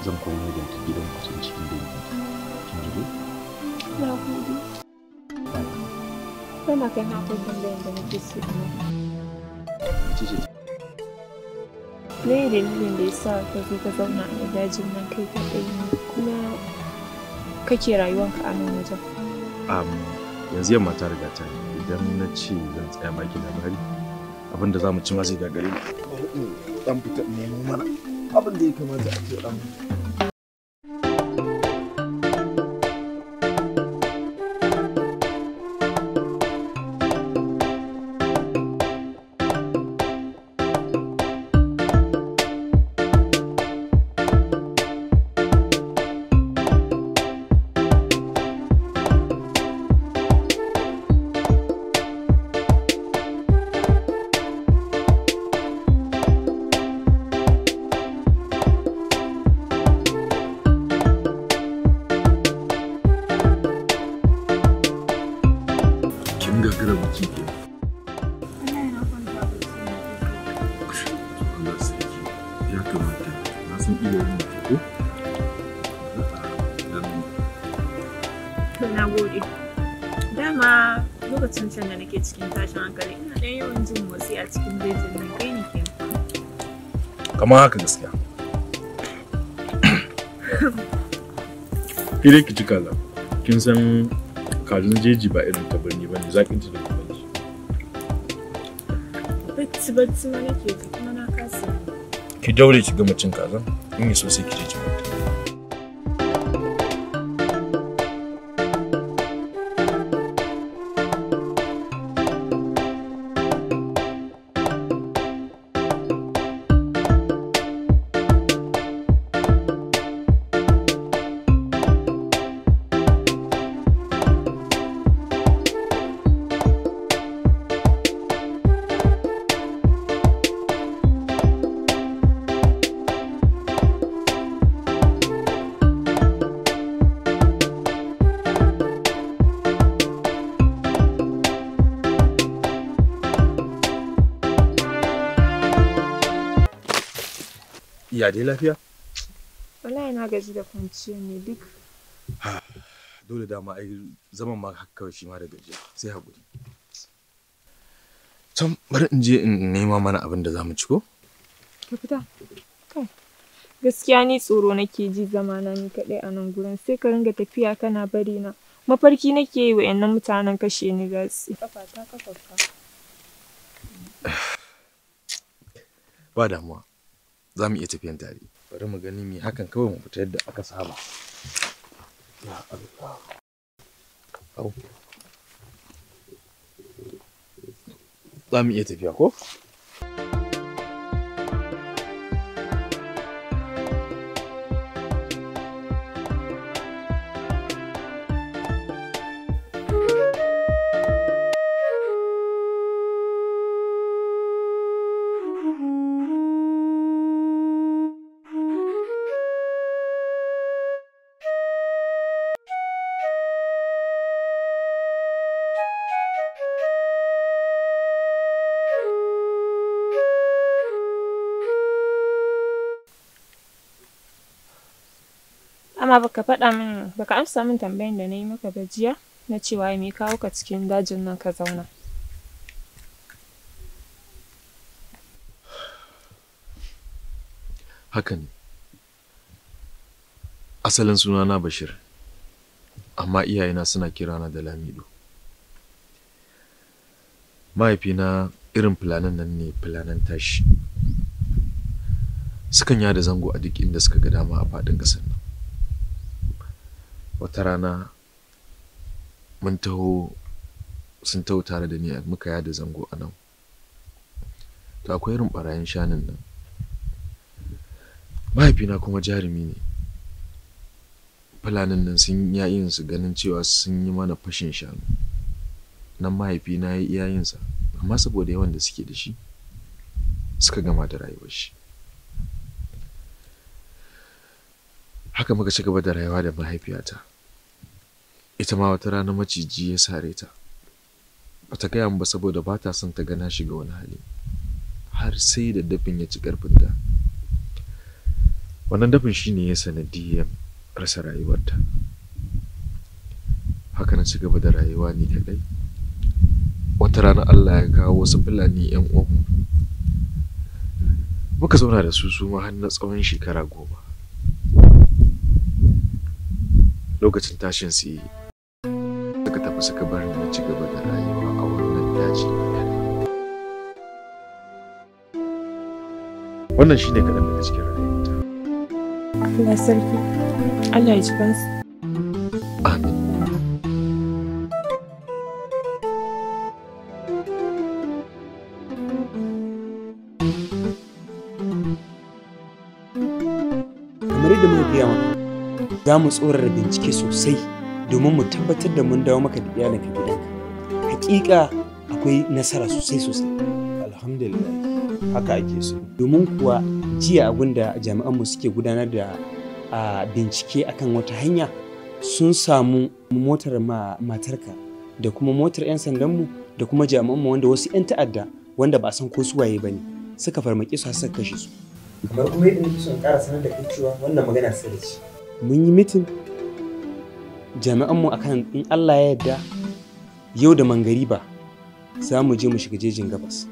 zan komo da gidan kusan cikin dangi kin ji na gode koma kai Me dalilin da ya sa ka zo ka zauna a dajin nan kai kaɗai ne kuma kake rayuwanka a nan wajen? yanzu yamma ta riga ta idan na ce zan tsaya maki labari abin da za mu ci ma sai gagare. Dan nemo mana abin da ya kamata a ce kamar haka gaskiya fire ki ci kaza kin san kajin jeji ba irin ta birni ba ne zaƙin ta da kuma ji kasa ki daure ki gama cin kaza in yi so sai ki je ya dai lafiya wallahi na gaji da kwanciyar ne duk dole dama ai zaman ma haka shi ma da gajiya sai haƙuri can bari in je in nema mana abin da za mu ci ko ka fita kai gaskiya ni tsoro nake ji zamana ni kaɗai a nan gurin sai ka ringa tafiya kana bari na mafarki nake yi wa'annan mutanen kashe ni za su kafa ta kafa ba damuwa za mu iya tafiyan tare bari mu gani me hakan kawai mu fita yadda aka saba ya Allah au za mu iya tafiya ko dama baka faɗa min baka amsa min tambayan da na yi maka ba jiya na cewa me kawo ka cikin dajin nan ka zauna. Haka ne. Asalin sunana Bashir, amma iyayena suna kirana da Lamido. Mahaifina irin filanan nan ne filanan tashi. Sukan yada zango a duk inda suka ga dama a faɗin ƙasar wata rana mun taho sun taho tare da ni muka yada zango a nan to akwai irin barayin shanun nan mahaifina kuma jarumi ne fulanin nan sun yayin su ganin cewa sun yi mana fashin shanu nan mahaifina ya yi yayinsa amma saboda yawan da suke da shi suka gama da rayuwar shi haka muka ci gaba da rayuwa da mahaifiyata ita ma wata rana maciji ya sare ta Ba ta gaya ba saboda ba ta son ta gana shi ga wani hali har sai da dafin ya ci karfin da wannan dafin shine ya sanadiyar rasa rayuwarta haka na ci gaba da rayuwa ni kadai wata rana Allah ya kawo wasu fulani yan uwanmu muka zauna da su su har na tsawon shekara goma lokacin tashin su yi tafi suka bar na ci gaba da rayuwa a wannan daji wannan shi ne kaɗan daga cikin rayuwata Allah sarki Allah ya ji bansu amin kamar yadda muka gaya maka za mu tsorar bincike sosai domin mu tabbatar da mun dawo maka da iyalinka gidanka hakika akwai nasara sosai sosai alhamdulillah haka ake so domin kuwa jiya abinda jami'anmu suke gudanar da bincike akan wata hanya sun samu motar matarka da kuma motar 'yan sandanmu da kuma jami'anmu wanda wasu 'yan ta'adda wanda ba a san ko su waye ba ne suka farmaki su suka kashe su kamar kuma yadda nake son ƙara sanar da kai cewa wannan magana da shi. mun yi mitin jami'anmu akan in Allah ya yarda yau da mangariba za mu je mu shiga jejin gabas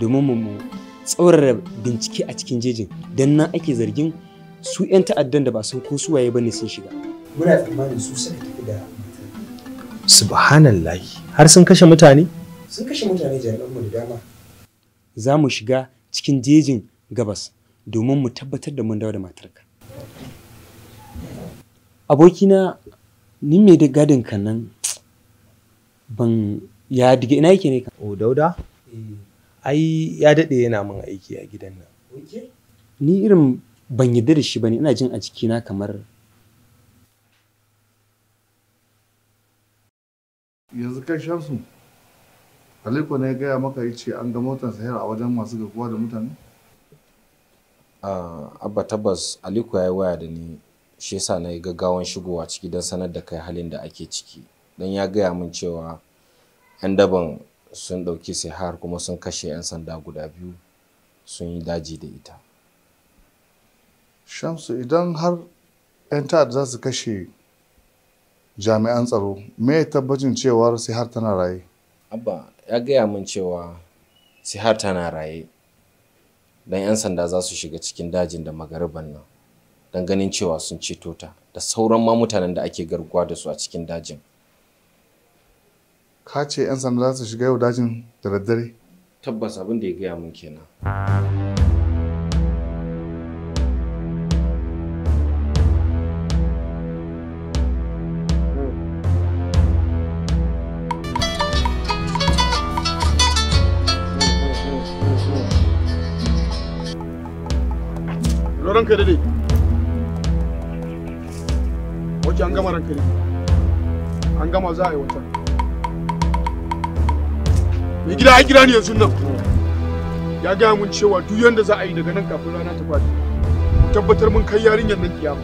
domin mu tsaurara bincike a cikin jejin don nan ake zargin su 'yan ta'addan da ba sun ko su waye bane sun shiga muna tsammanin su suka tafi da subhanallah har sun kashe mutane sun kashe mutane jami'anmu da dama za mu shiga cikin jejin gabas domin mu tabbatar da mun dawo da matarka abokina ni mai da gadin ka nan ban ya dige ina yake ne ka o oh, dauda eh. ai ya dade yana min aiki a gidan nan ni irin ban yadda da shi bane ina jin a jikina kamar yanzu kai shamsu Aliko ne ya gaya maka ya ce an ga motar sayar a wajen masu gaguwa da mutane? Ah, Abba tabbas Aliko ya yi waya da ni shi yasa na yi gaggawan shigowa ciki don sanar da kai halin da ake ciki don ya gaya min cewa 'yan daban sun ɗauki sai har kuma sun kashe 'yan sanda guda biyu sun yi daji da ita shamsu idan har 'yan ta'ad za su kashe jami'an tsaro me tabbacin cewar sai har tana raye abba ya gaya min cewa sai har tana raye don 'yan sanda za su shiga cikin dajin da magariban nan don ganin cewa sun ceto ta da sauran ma mutanen da ake garguwa da su a cikin dajin. Ka ce 'yan sanda za su shiga yau dajin da daddare? Tabbas abin da ya gaya mun kenan. Ranka ok an gama rankari an gama za a yi wata mai gida a gida ne yanzu nan ya gaya mun cewa duk yanda za a yi daga nan kafin rana ta fadi tabbatar mun kai yarinyar nan kiyama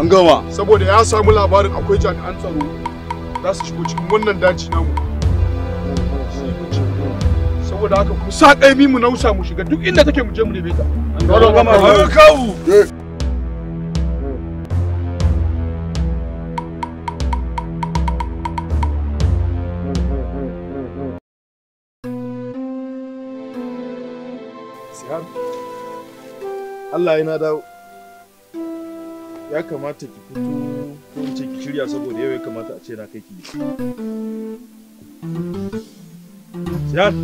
an gama saboda ya samu labarin akwai jami'an tsaro za su shigo cikin wannan daji namu saboda haka ku sa ƙaimi mu nausa mu shiga duk inda take mu je mu neme ta. gama. An Allah na dawo ya kamata ki fito ko in ce ki shirya saboda yau ya kamata a ce na kai ki siyar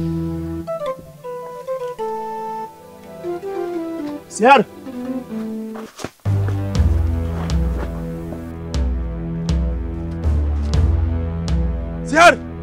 siyar siyar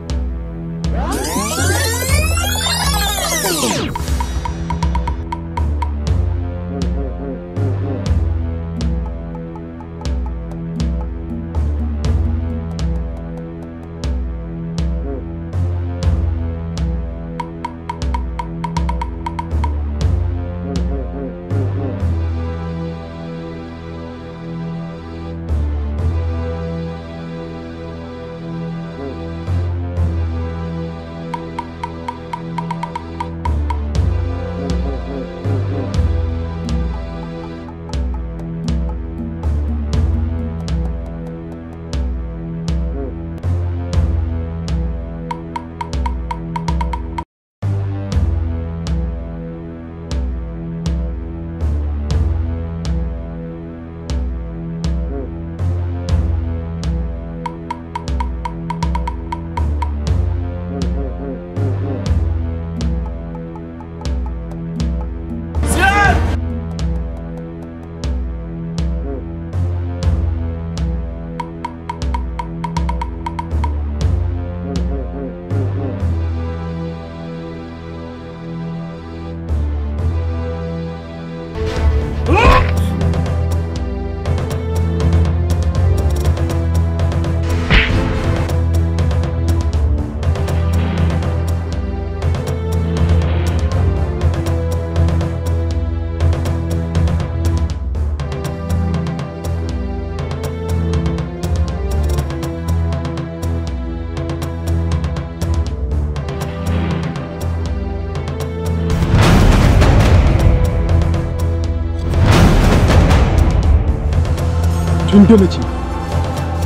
tun da nake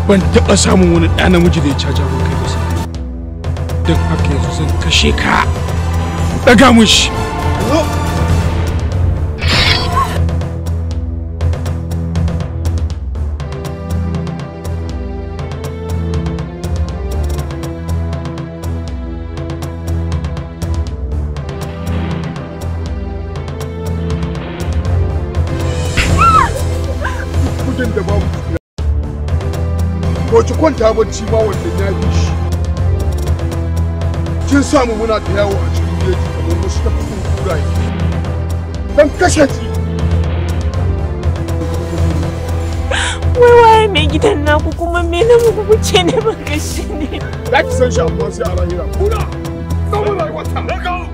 ban taɓa samun wani ɗa namiji da ya caja mun kai ba sai don haka yanzu zan kashe ka ɗaga mun shi kwanta bacci ma wanda ya yi shi kin samu muna da yawo a cikin jeji kamar wasu ta fitin yi don kashe ki wai waye mai gidan naku kuma me na muku kuce ne ban kashe ne za ki san shi amma sai a rahira kuna saboda wata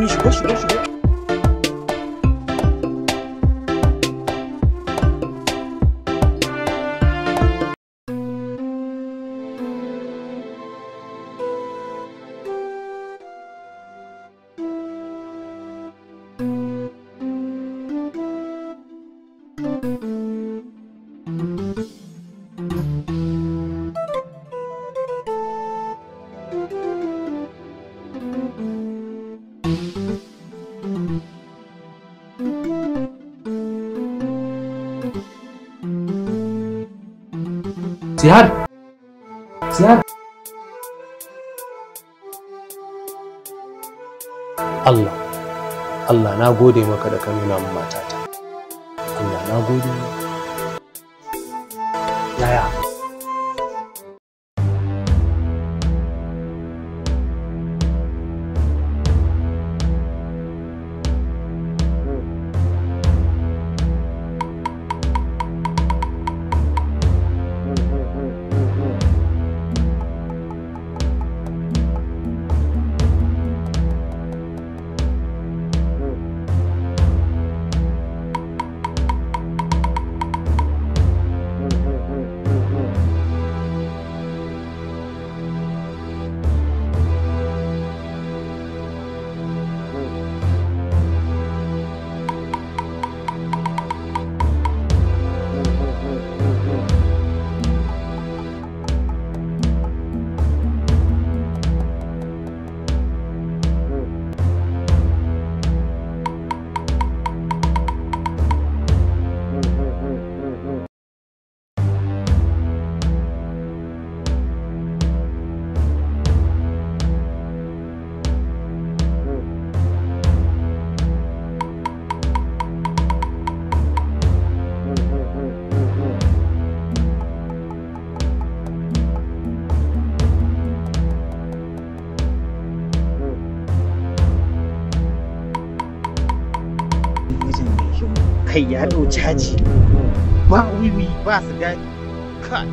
ничего Sihar! Sihar! Allah, Allah na gode maka da ka nuna min matata. Allah na gode. Yaya? caji ba wiwi ba su gani kai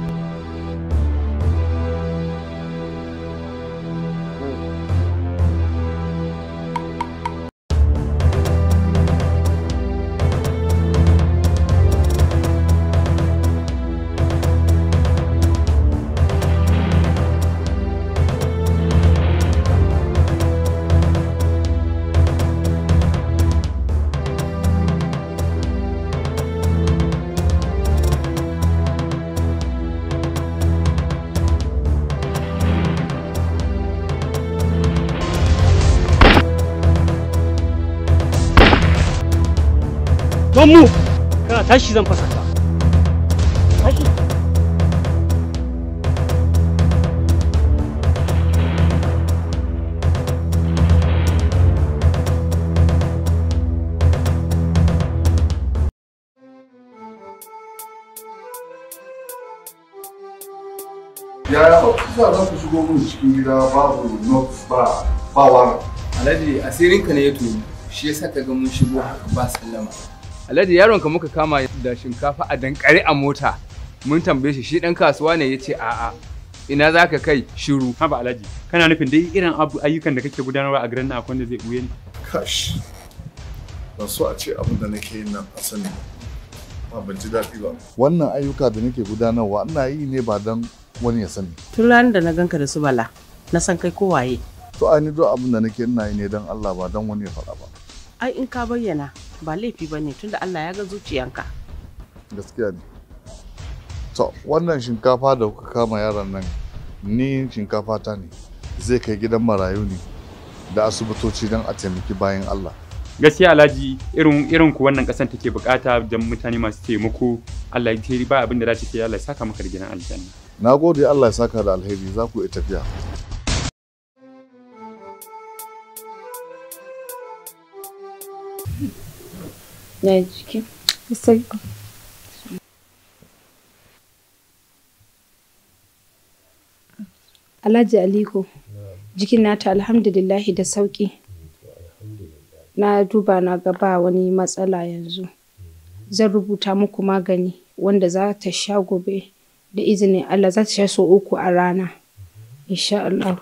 don mu kana tashi zan fasa ka tashi yaya ofisa za ku shigo mun cikin gida babu notes ba ba wara. alhaji asirinka ne ya tuni shi yasa ka ga mun shigo haka ba sallama alhaji yaron ka muka kama da shinkafa a dankare a mota mun tambaye shi shi dan kasuwa ne yace a'a ina za ka kai shiru haba alhaji kana nufin dai irin ayyukan da kake gudanarwa a garin na akwai da zai buye ni kash ban so a ce abin da nake yin nan a sani ba ban ji daɗi ba wannan ayyuka da nake gudanarwa ina yi ne ba dan wani ya sani tun ranar da na ganka da su bala na san kai kowaye to ai ni duk abin da nake ina yi ne dan Allah ba dan wani ya faɗa ba ai in ka bayyana ba laifi ba ne tunda Allah ya ga zuciyanka gaskiya ne to wannan shinkafa da kuka kama yaran nan ni shinkafa ta ne zai kai gidan marayu ne da asibitoci don a taimaki bayan Allah gaskiya alhaji irin irin ku wannan kasan take bukata da mutane masu taimako Allah ya ba abin da za ta ce Allah ya saka maka da gidan aljanna nagode Allah ya saka da alheri za ku yi tafiya Alhaji Aliko, jikin nata alhamdulillahi da sauki Na duba na gaba ba wani matsala yanzu. Zan rubuta muku magani wanda za ta sha gobe da izinin Allah za ta sha so uku a rana. Insha Allah.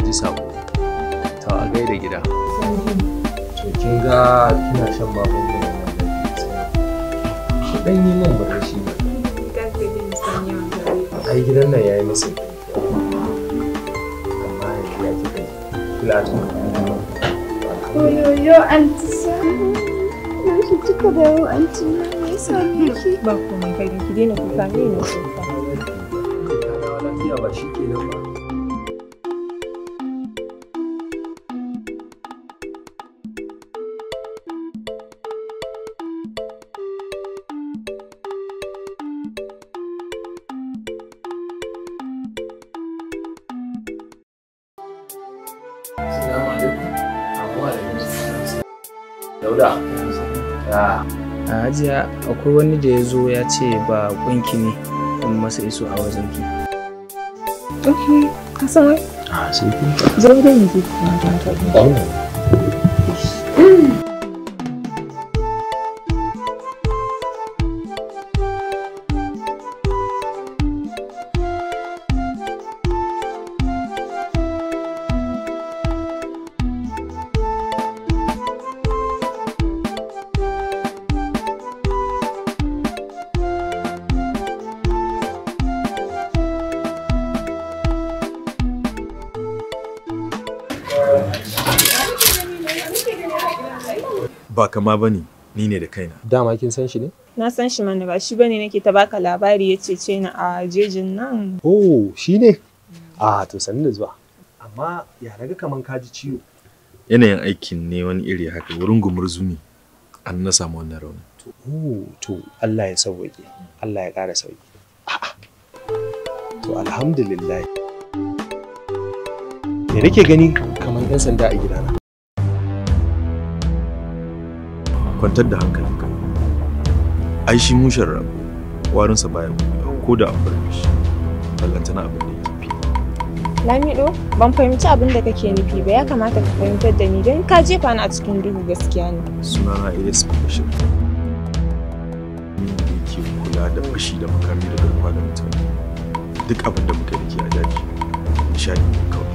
de saúde. hajiya akwai wani da ya zo ya ce ba kunki ne in masa iso a wajen ki ok kasan wai Ah, sai ku zo da yanzu ba kama ma bane ni ne da kaina dama kin san shi ne na san shi mana ba shi bane nake ta baka labari yace ce ni a jejin nan oh shi ne a to sanin da zuwa amma ya naga kaman ka ji ciwo yanayin aikin ne wani iri haka wurin gumurzumi an na samu wannan rauni to to Allah ya sauke Allah ya kara sauki to alhamdulillah me nake gani kamar 'yan sanda a gidana kwantar da hankalinka ai shi mushen rago warinsa baya ko da an farbe shi ballantana abin da yake fi lamido ban fahimci abin da kake nufi ba ya kamata ka fahimtar da ni don ka jefa ni a cikin duhu gaskiya ne sunana iris bashir ni da yake kula da fashi da makami da garkuwa da mutane duk abin da muka rike a daji nishadi ne kawai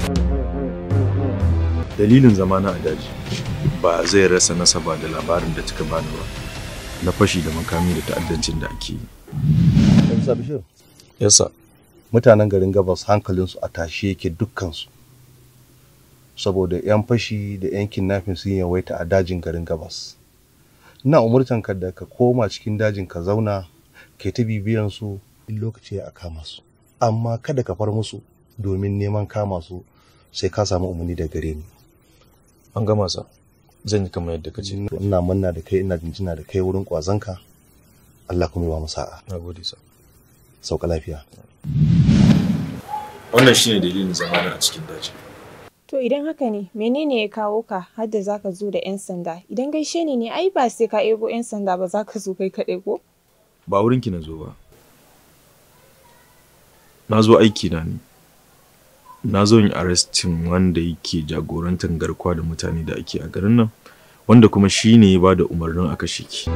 dalilin zamana a daji ba zai rasa nasaba da labarin da kika bani ba na fashi da makami da ta'addancin da ake yi. Yasa Bishir? Yasa. Mutanen garin gabas hankalinsu a tashe yake dukkansu. Saboda 'yan fashi da 'yan kidnapping sun yawaita a dajin garin gabas. Ina ka da ka koma cikin dajin ka zauna ke ta bibiyan su in lokaci ya kama su. Amma kada ka far musu domin neman kama su sai ka samu umarni da gare ni. an gama sa zan yi kamar yadda ka ce ina manna da kai ina jinjina da kai wurin kwazanka Allah kuma ya ba mu sa'a na gode sa sauka lafiya wannan shine dalilin zama a cikin daji to idan haka ne menene ya kawo ka har da zaka zo da yan sanda idan gaishe ni ne ai ba sai ka ego yan sanda ba zaka zo kai kaɗai ko ba wurin ki na zo ba na zo aiki na ne na zo in arrestin wanda yake jagorantar garkuwa da mutane da ake a garin nan wanda kuma shi ne ya ba da umarnin aka kashe ki.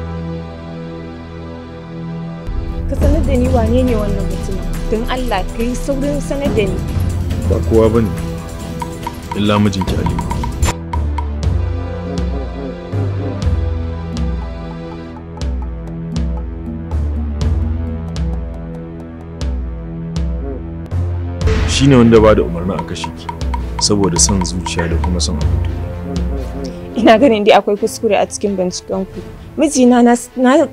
Ka sanar da ni wane ne wannan mutum don Allah ka yi saurin sanar da ni. Ba kowa ba ne, illa mijinki Aliyu. shine wanda bada da a kashe ki saboda son zuciya da kuma son abu ina ganin dai akwai kuskure a cikin binciken ku mijina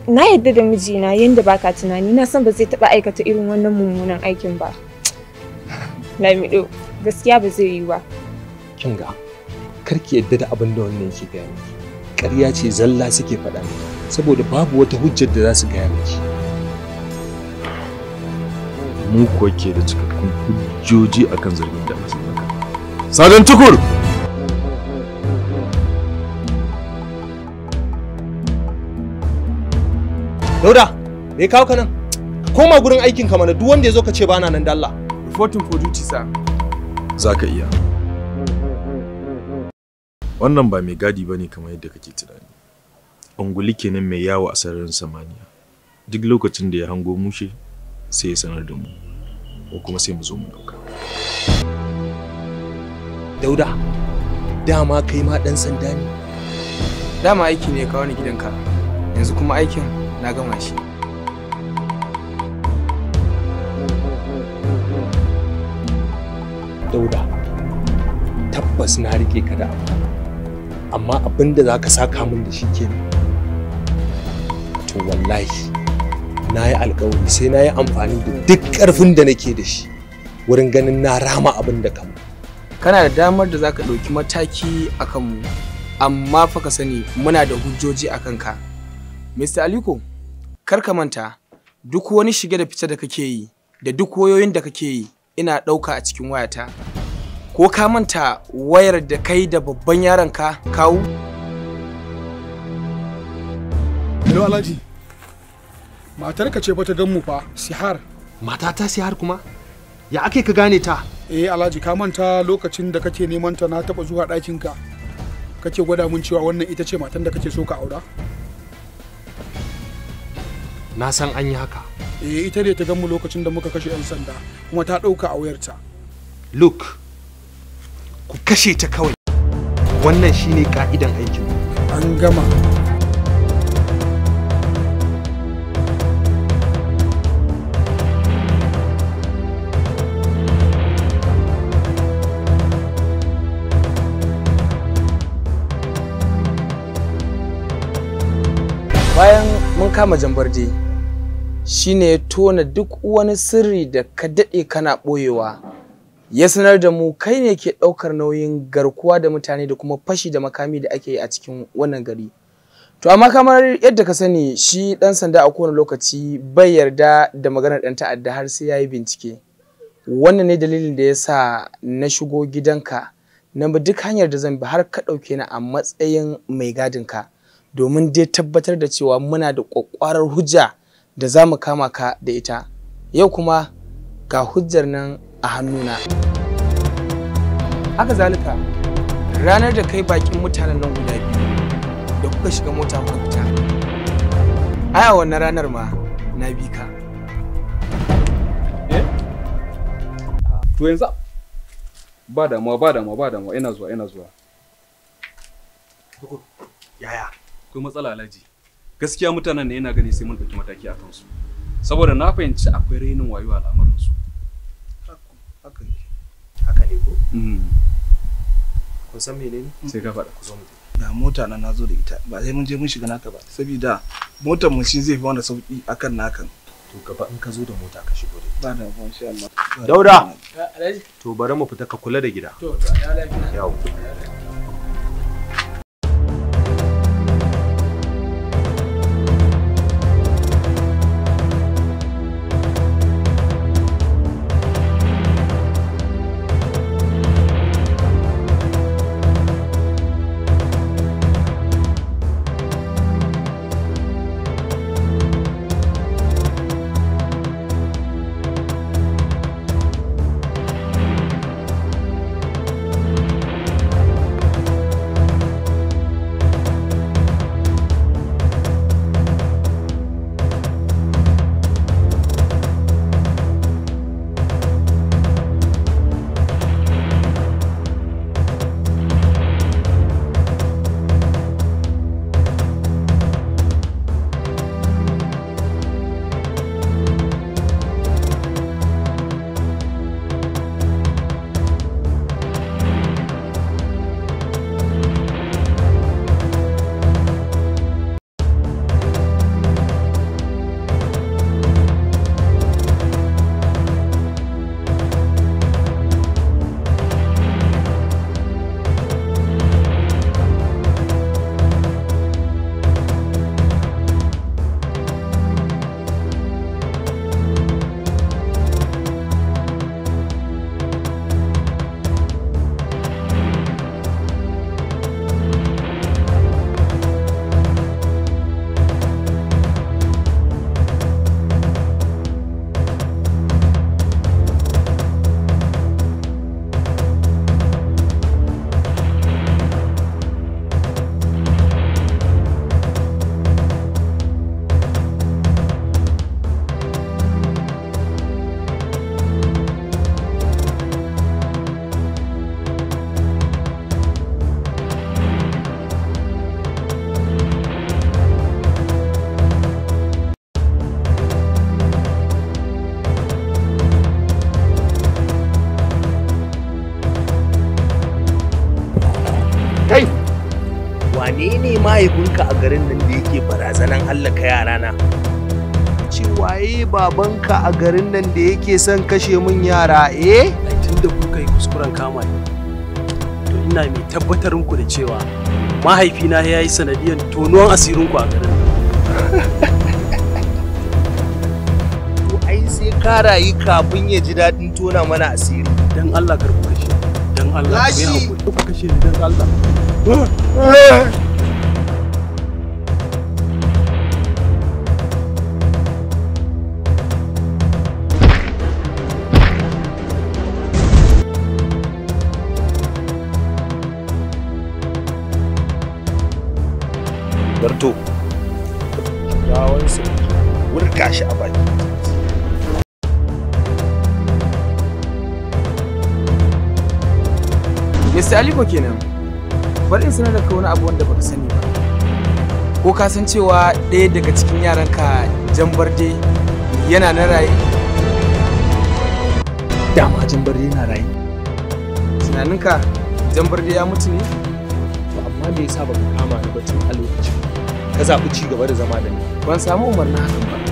na yadda da mijina yadda baka tunani na san ba zai taba aikata irin wannan mummunan aikin ba lamido gaskiya ba zai yi ba kin ga ki yadda da abin da wannan shi gaya miki ƙarya ce zalla suke faɗa miki saboda babu wata hujjar da za su gaya miki mu kuwa ke da cikakkun hujjoji akan zargin da aka maka sadan tukur Dauda, me kawo ka nan? Koma gurin aikin ka mana duk wanda ya zo ka ce bana nan dalla. Reporting for duty sir. Za ka iya. Wannan ba mai gadi ba ne kamar yadda kake tunani. Unguli kenan mai yawo a sararin samaniya. Duk lokacin da ya hango mushe sai ya sanar da mu. mu kuma sai mu zo mu dauka dauda dama kai ma dan sanda ne dama aiki ne kawo ni gidanka yanzu kuma aikin na gama shi dauda tabbas na rike ka da abu amma abin da za ka saka min da shi kenan to wallahi na yi alkawari sai na yi amfani da duk ƙarfin da nake da shi wurin ganin na rama abin da kama. Kana da damar da za ka ɗauki mataki a kanmu, amma fa ka sani muna da hujjoji a kanka. Mr. Aliko, kar ka manta duk wani shige da fice da kake yi, da duk wayoyin da kake yi, ina ɗauka a cikin wayata. Ko ka manta wayar da kai da babban yaron ka kawo? matarka ce ba ta gan mu fa sihar matata sihar kuma ya ake ka gane ta eh alhaji ka manta lokacin da kake neman ta na taba zuwa ɗakin ka kake gwada mun cewa wannan ita ce matan da kake so ka aura na san an yi haka eh ita ne ta gan lokacin da muka kashe yan sanda kuma ta ɗauka a ta look ku kashe ta kawai wannan shine ka'idan aikin an gama bayan mun kama jambarde shine ya tona duk wani sirri da ka daɗe kana ɓoyewa ya sanar da mu kai ne ke ɗaukar nauyin garkuwa da mutane da kuma fashi da makami da ake yi a cikin wannan gari to amma kamar yadda ka sani shi ɗan sanda a kowane lokaci bai yarda da maganar ɗan ta'adda har sai ya yi bincike wannan ne dalilin da ya sa na shigo gidanka na bi duk hanyar da zan bi har ka ɗauke ni a matsayin mai gadinka domin dai tabbatar da cewa muna da kwakwarar hujja da za mu kama ka da ita yau kuma ga hujjar nan a hannuna haka zalika ranar da kai bakin mutanen nan guda biyu da kuka shiga mota kuka fita aya wannan ranar ma na bi ka eh? to yanzu ba damuwa ba damuwa ba damuwa ina zuwa ina zuwa yaya akwai matsala alaji gaskiya mutanen ne yana gani sai mun ɗauki mataki a kansu saboda na fahimci akwai rainin wayo al'amarin su haka ne haka ne ko mm. kun san menene sai ka faɗa ku zo mu Da mota na nazo da ita ba sai mun je mun shiga naka ba saboda motar mu shi zai fi wani sauki akan nakan to gaba in ka zo da mota ka shigo da ba da ba insha Allah dauda to bari mu fita ka kula da gida to ya lafiya yawo ni ne mahaifinka a garin nan da yake barazanan hallaka yarana ce waye babanka a garin nan da yake son kashe mun yara eh tun da kuka yi kuskuren kama ni to ina mai tabbatar muku da cewa mahaifina ya yi sanadiyar tonuwan asirinku a garin to ai sai ka rayu kafin ya ji daɗin tona mana asiri dan Allah karku kashe dan Allah ku yi hakuri kashe dan Allah sa shi a baki Mr. Aliko kenan bari in sanar da kai wani abu wanda baka sani ba ko ka san cewa ɗaya daga cikin yaranka barde yana na raye dama barde yana raye tunaninka barde ya mutu ne amma me yasa ka kama ni ba tun a lokacin ka zaɓi ci gaba da zama da ni ban samu umarnin hakan ba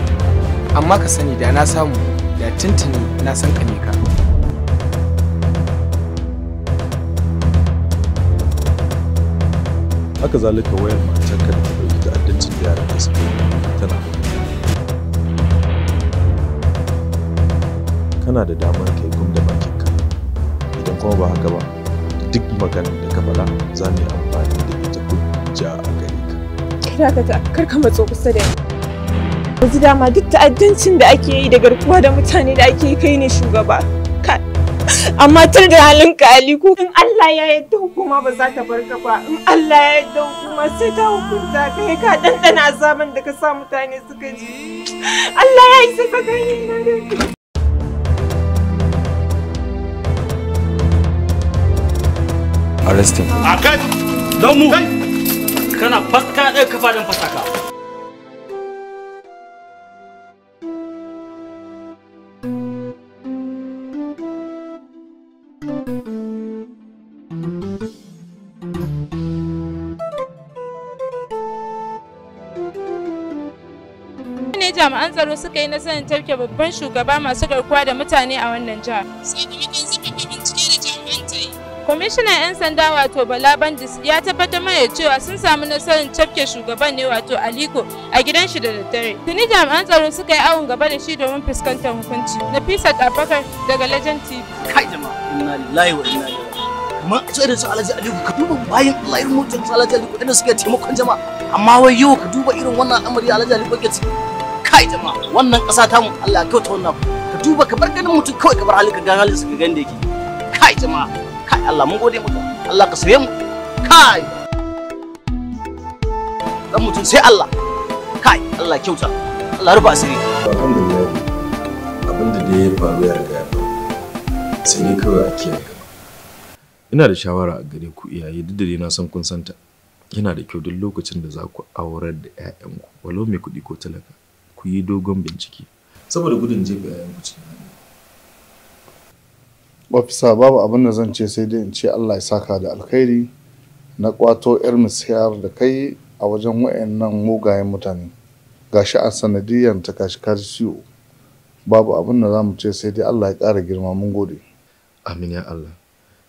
amma ka sani da na samu da tuntuni na san ka ne ka haka zalika wayar matarka da ta ɗauki ta'addancin da yaran da suke tana kana da damar kai gum da ka idan kuma ba haka ba duk maganin da ka fara za mu yi amfani da ita ja a gare ka. Kada ka ta karka matso kusa da ni. yanzu dama duk ta'addancin da ake yi da garkuwa da mutane da ake yi kai ne shugaba amma tun da halin ka aliku in Allah ya yadda hukuma ba za ta bar ka ba in Allah ya yadda hukuma sai ta hukunta ka kai ka dandana azaban da ka sa mutane suka ji Allah ya yi ka gani na Arrestin. A kai! Don mu! Kana fakka ɗaya kafa don fasaka. jami'an tsaro suka yi nasarar tafke babban shugaba masu garkuwa da mutane a wannan jihar. bincike da Kwamishinan 'yan sanda wato Bala Bandis ya tabbatar mana cewa sun samu nasarar tafke shugaban ne wato Aliko a gidan shi da daddare. Tuni jami'an tsaro suka yi awon gaba da shi domin fuskantar hukunci. Nafisa Abubakar daga Legend TV. Kai jama'a inna lillahi wa ina ilaihi amma sai da su alhaji Aliko ka duba bayan allah irin mutum su alhaji Aliko da suke taimakon jama'a amma wai yau ka duba irin wannan al'amari alhaji Aliko ke ciki kai jama'a wannan ƙasa ta mu Allah ya kyauta wannan ka duba ka bar ganin mutum kawai ka bar halin ka ga halin su ka gane da yake kai jama'a kai Allah mun gode muku Allah ka sare mu kai dan mutum sai Allah kai Allah ya kyauta Allah rufa asiri alhamdulillah abinda da ya faru ya riga ya faru sai ne kawai a kiyaye ina da shawara a gare ku iyaye duk da dai na san kun santa yana da kyau duk lokacin da za ku aurar da 'ya'yanku walau mai kuɗi ko talaka ku yi dogon bincike saboda gudun jefa yayin hannu ofisa babu abin da zan ce sai dai in ce Allah ya saka da alkhairi na kwato yar misiyar da kai a wajen wayannan mugayen mutane gashi a sanadiyyar ta kashi kashi siyo babu abin da za mu ce sai dai Allah ya ƙara girma mun gode amin ya Allah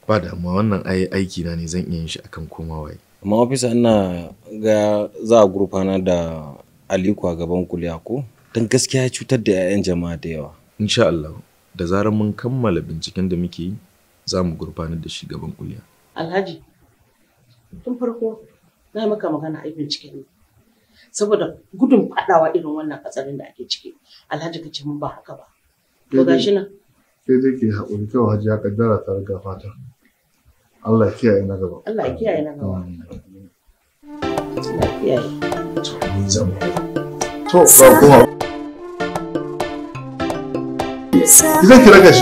ba damuwa wannan ai aiki na ne zan iya yin shi akan komawa amma ofisa ina ga za a gurfana da Aliko a gaban kuliya ko? Don gaskiya ya cutar da 'ya'yan jama'a da yawa. Insha Allah, da zarar mun kammala binciken da muke yi, za mu gurfanar da shi gaban kuliya. Alhaji, tun farko na maka magana a binciken Saboda gudun faɗawa irin wannan hatsarin da ake ciki, Alhaji ka ce mun ba haka ba. To gashi nan. Sai dai ke haƙuri kawai ya kaddara ta riga fata. Allah kiyaye na gaba. Allah kiyaye na gaba. Allah kiyaye. to ba kuma zan kira ka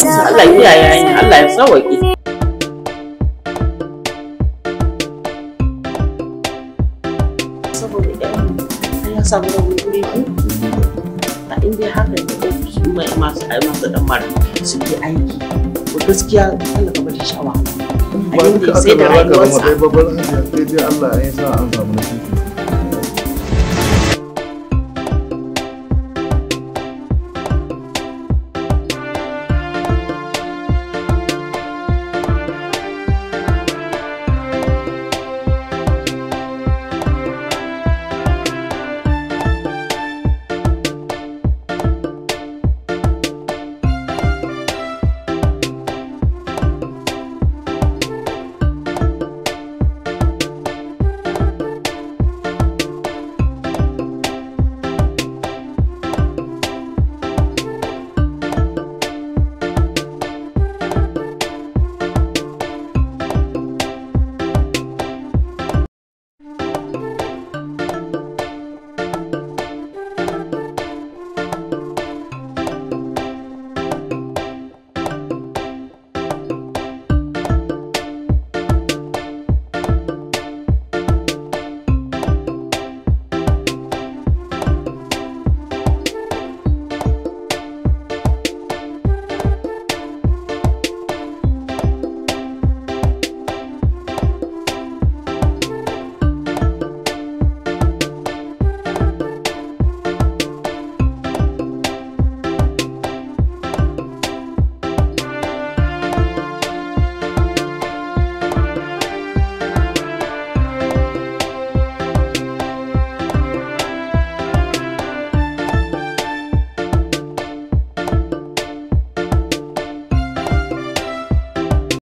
Allah ya yi Allah ya sauwaƙe samu da wuri a inda ya haka da su masu masu dan mara suke aiki aiki gaskiya Allah ka bada sha'awa ba duka aka ba za babban sai dai Allah ya sa an samu na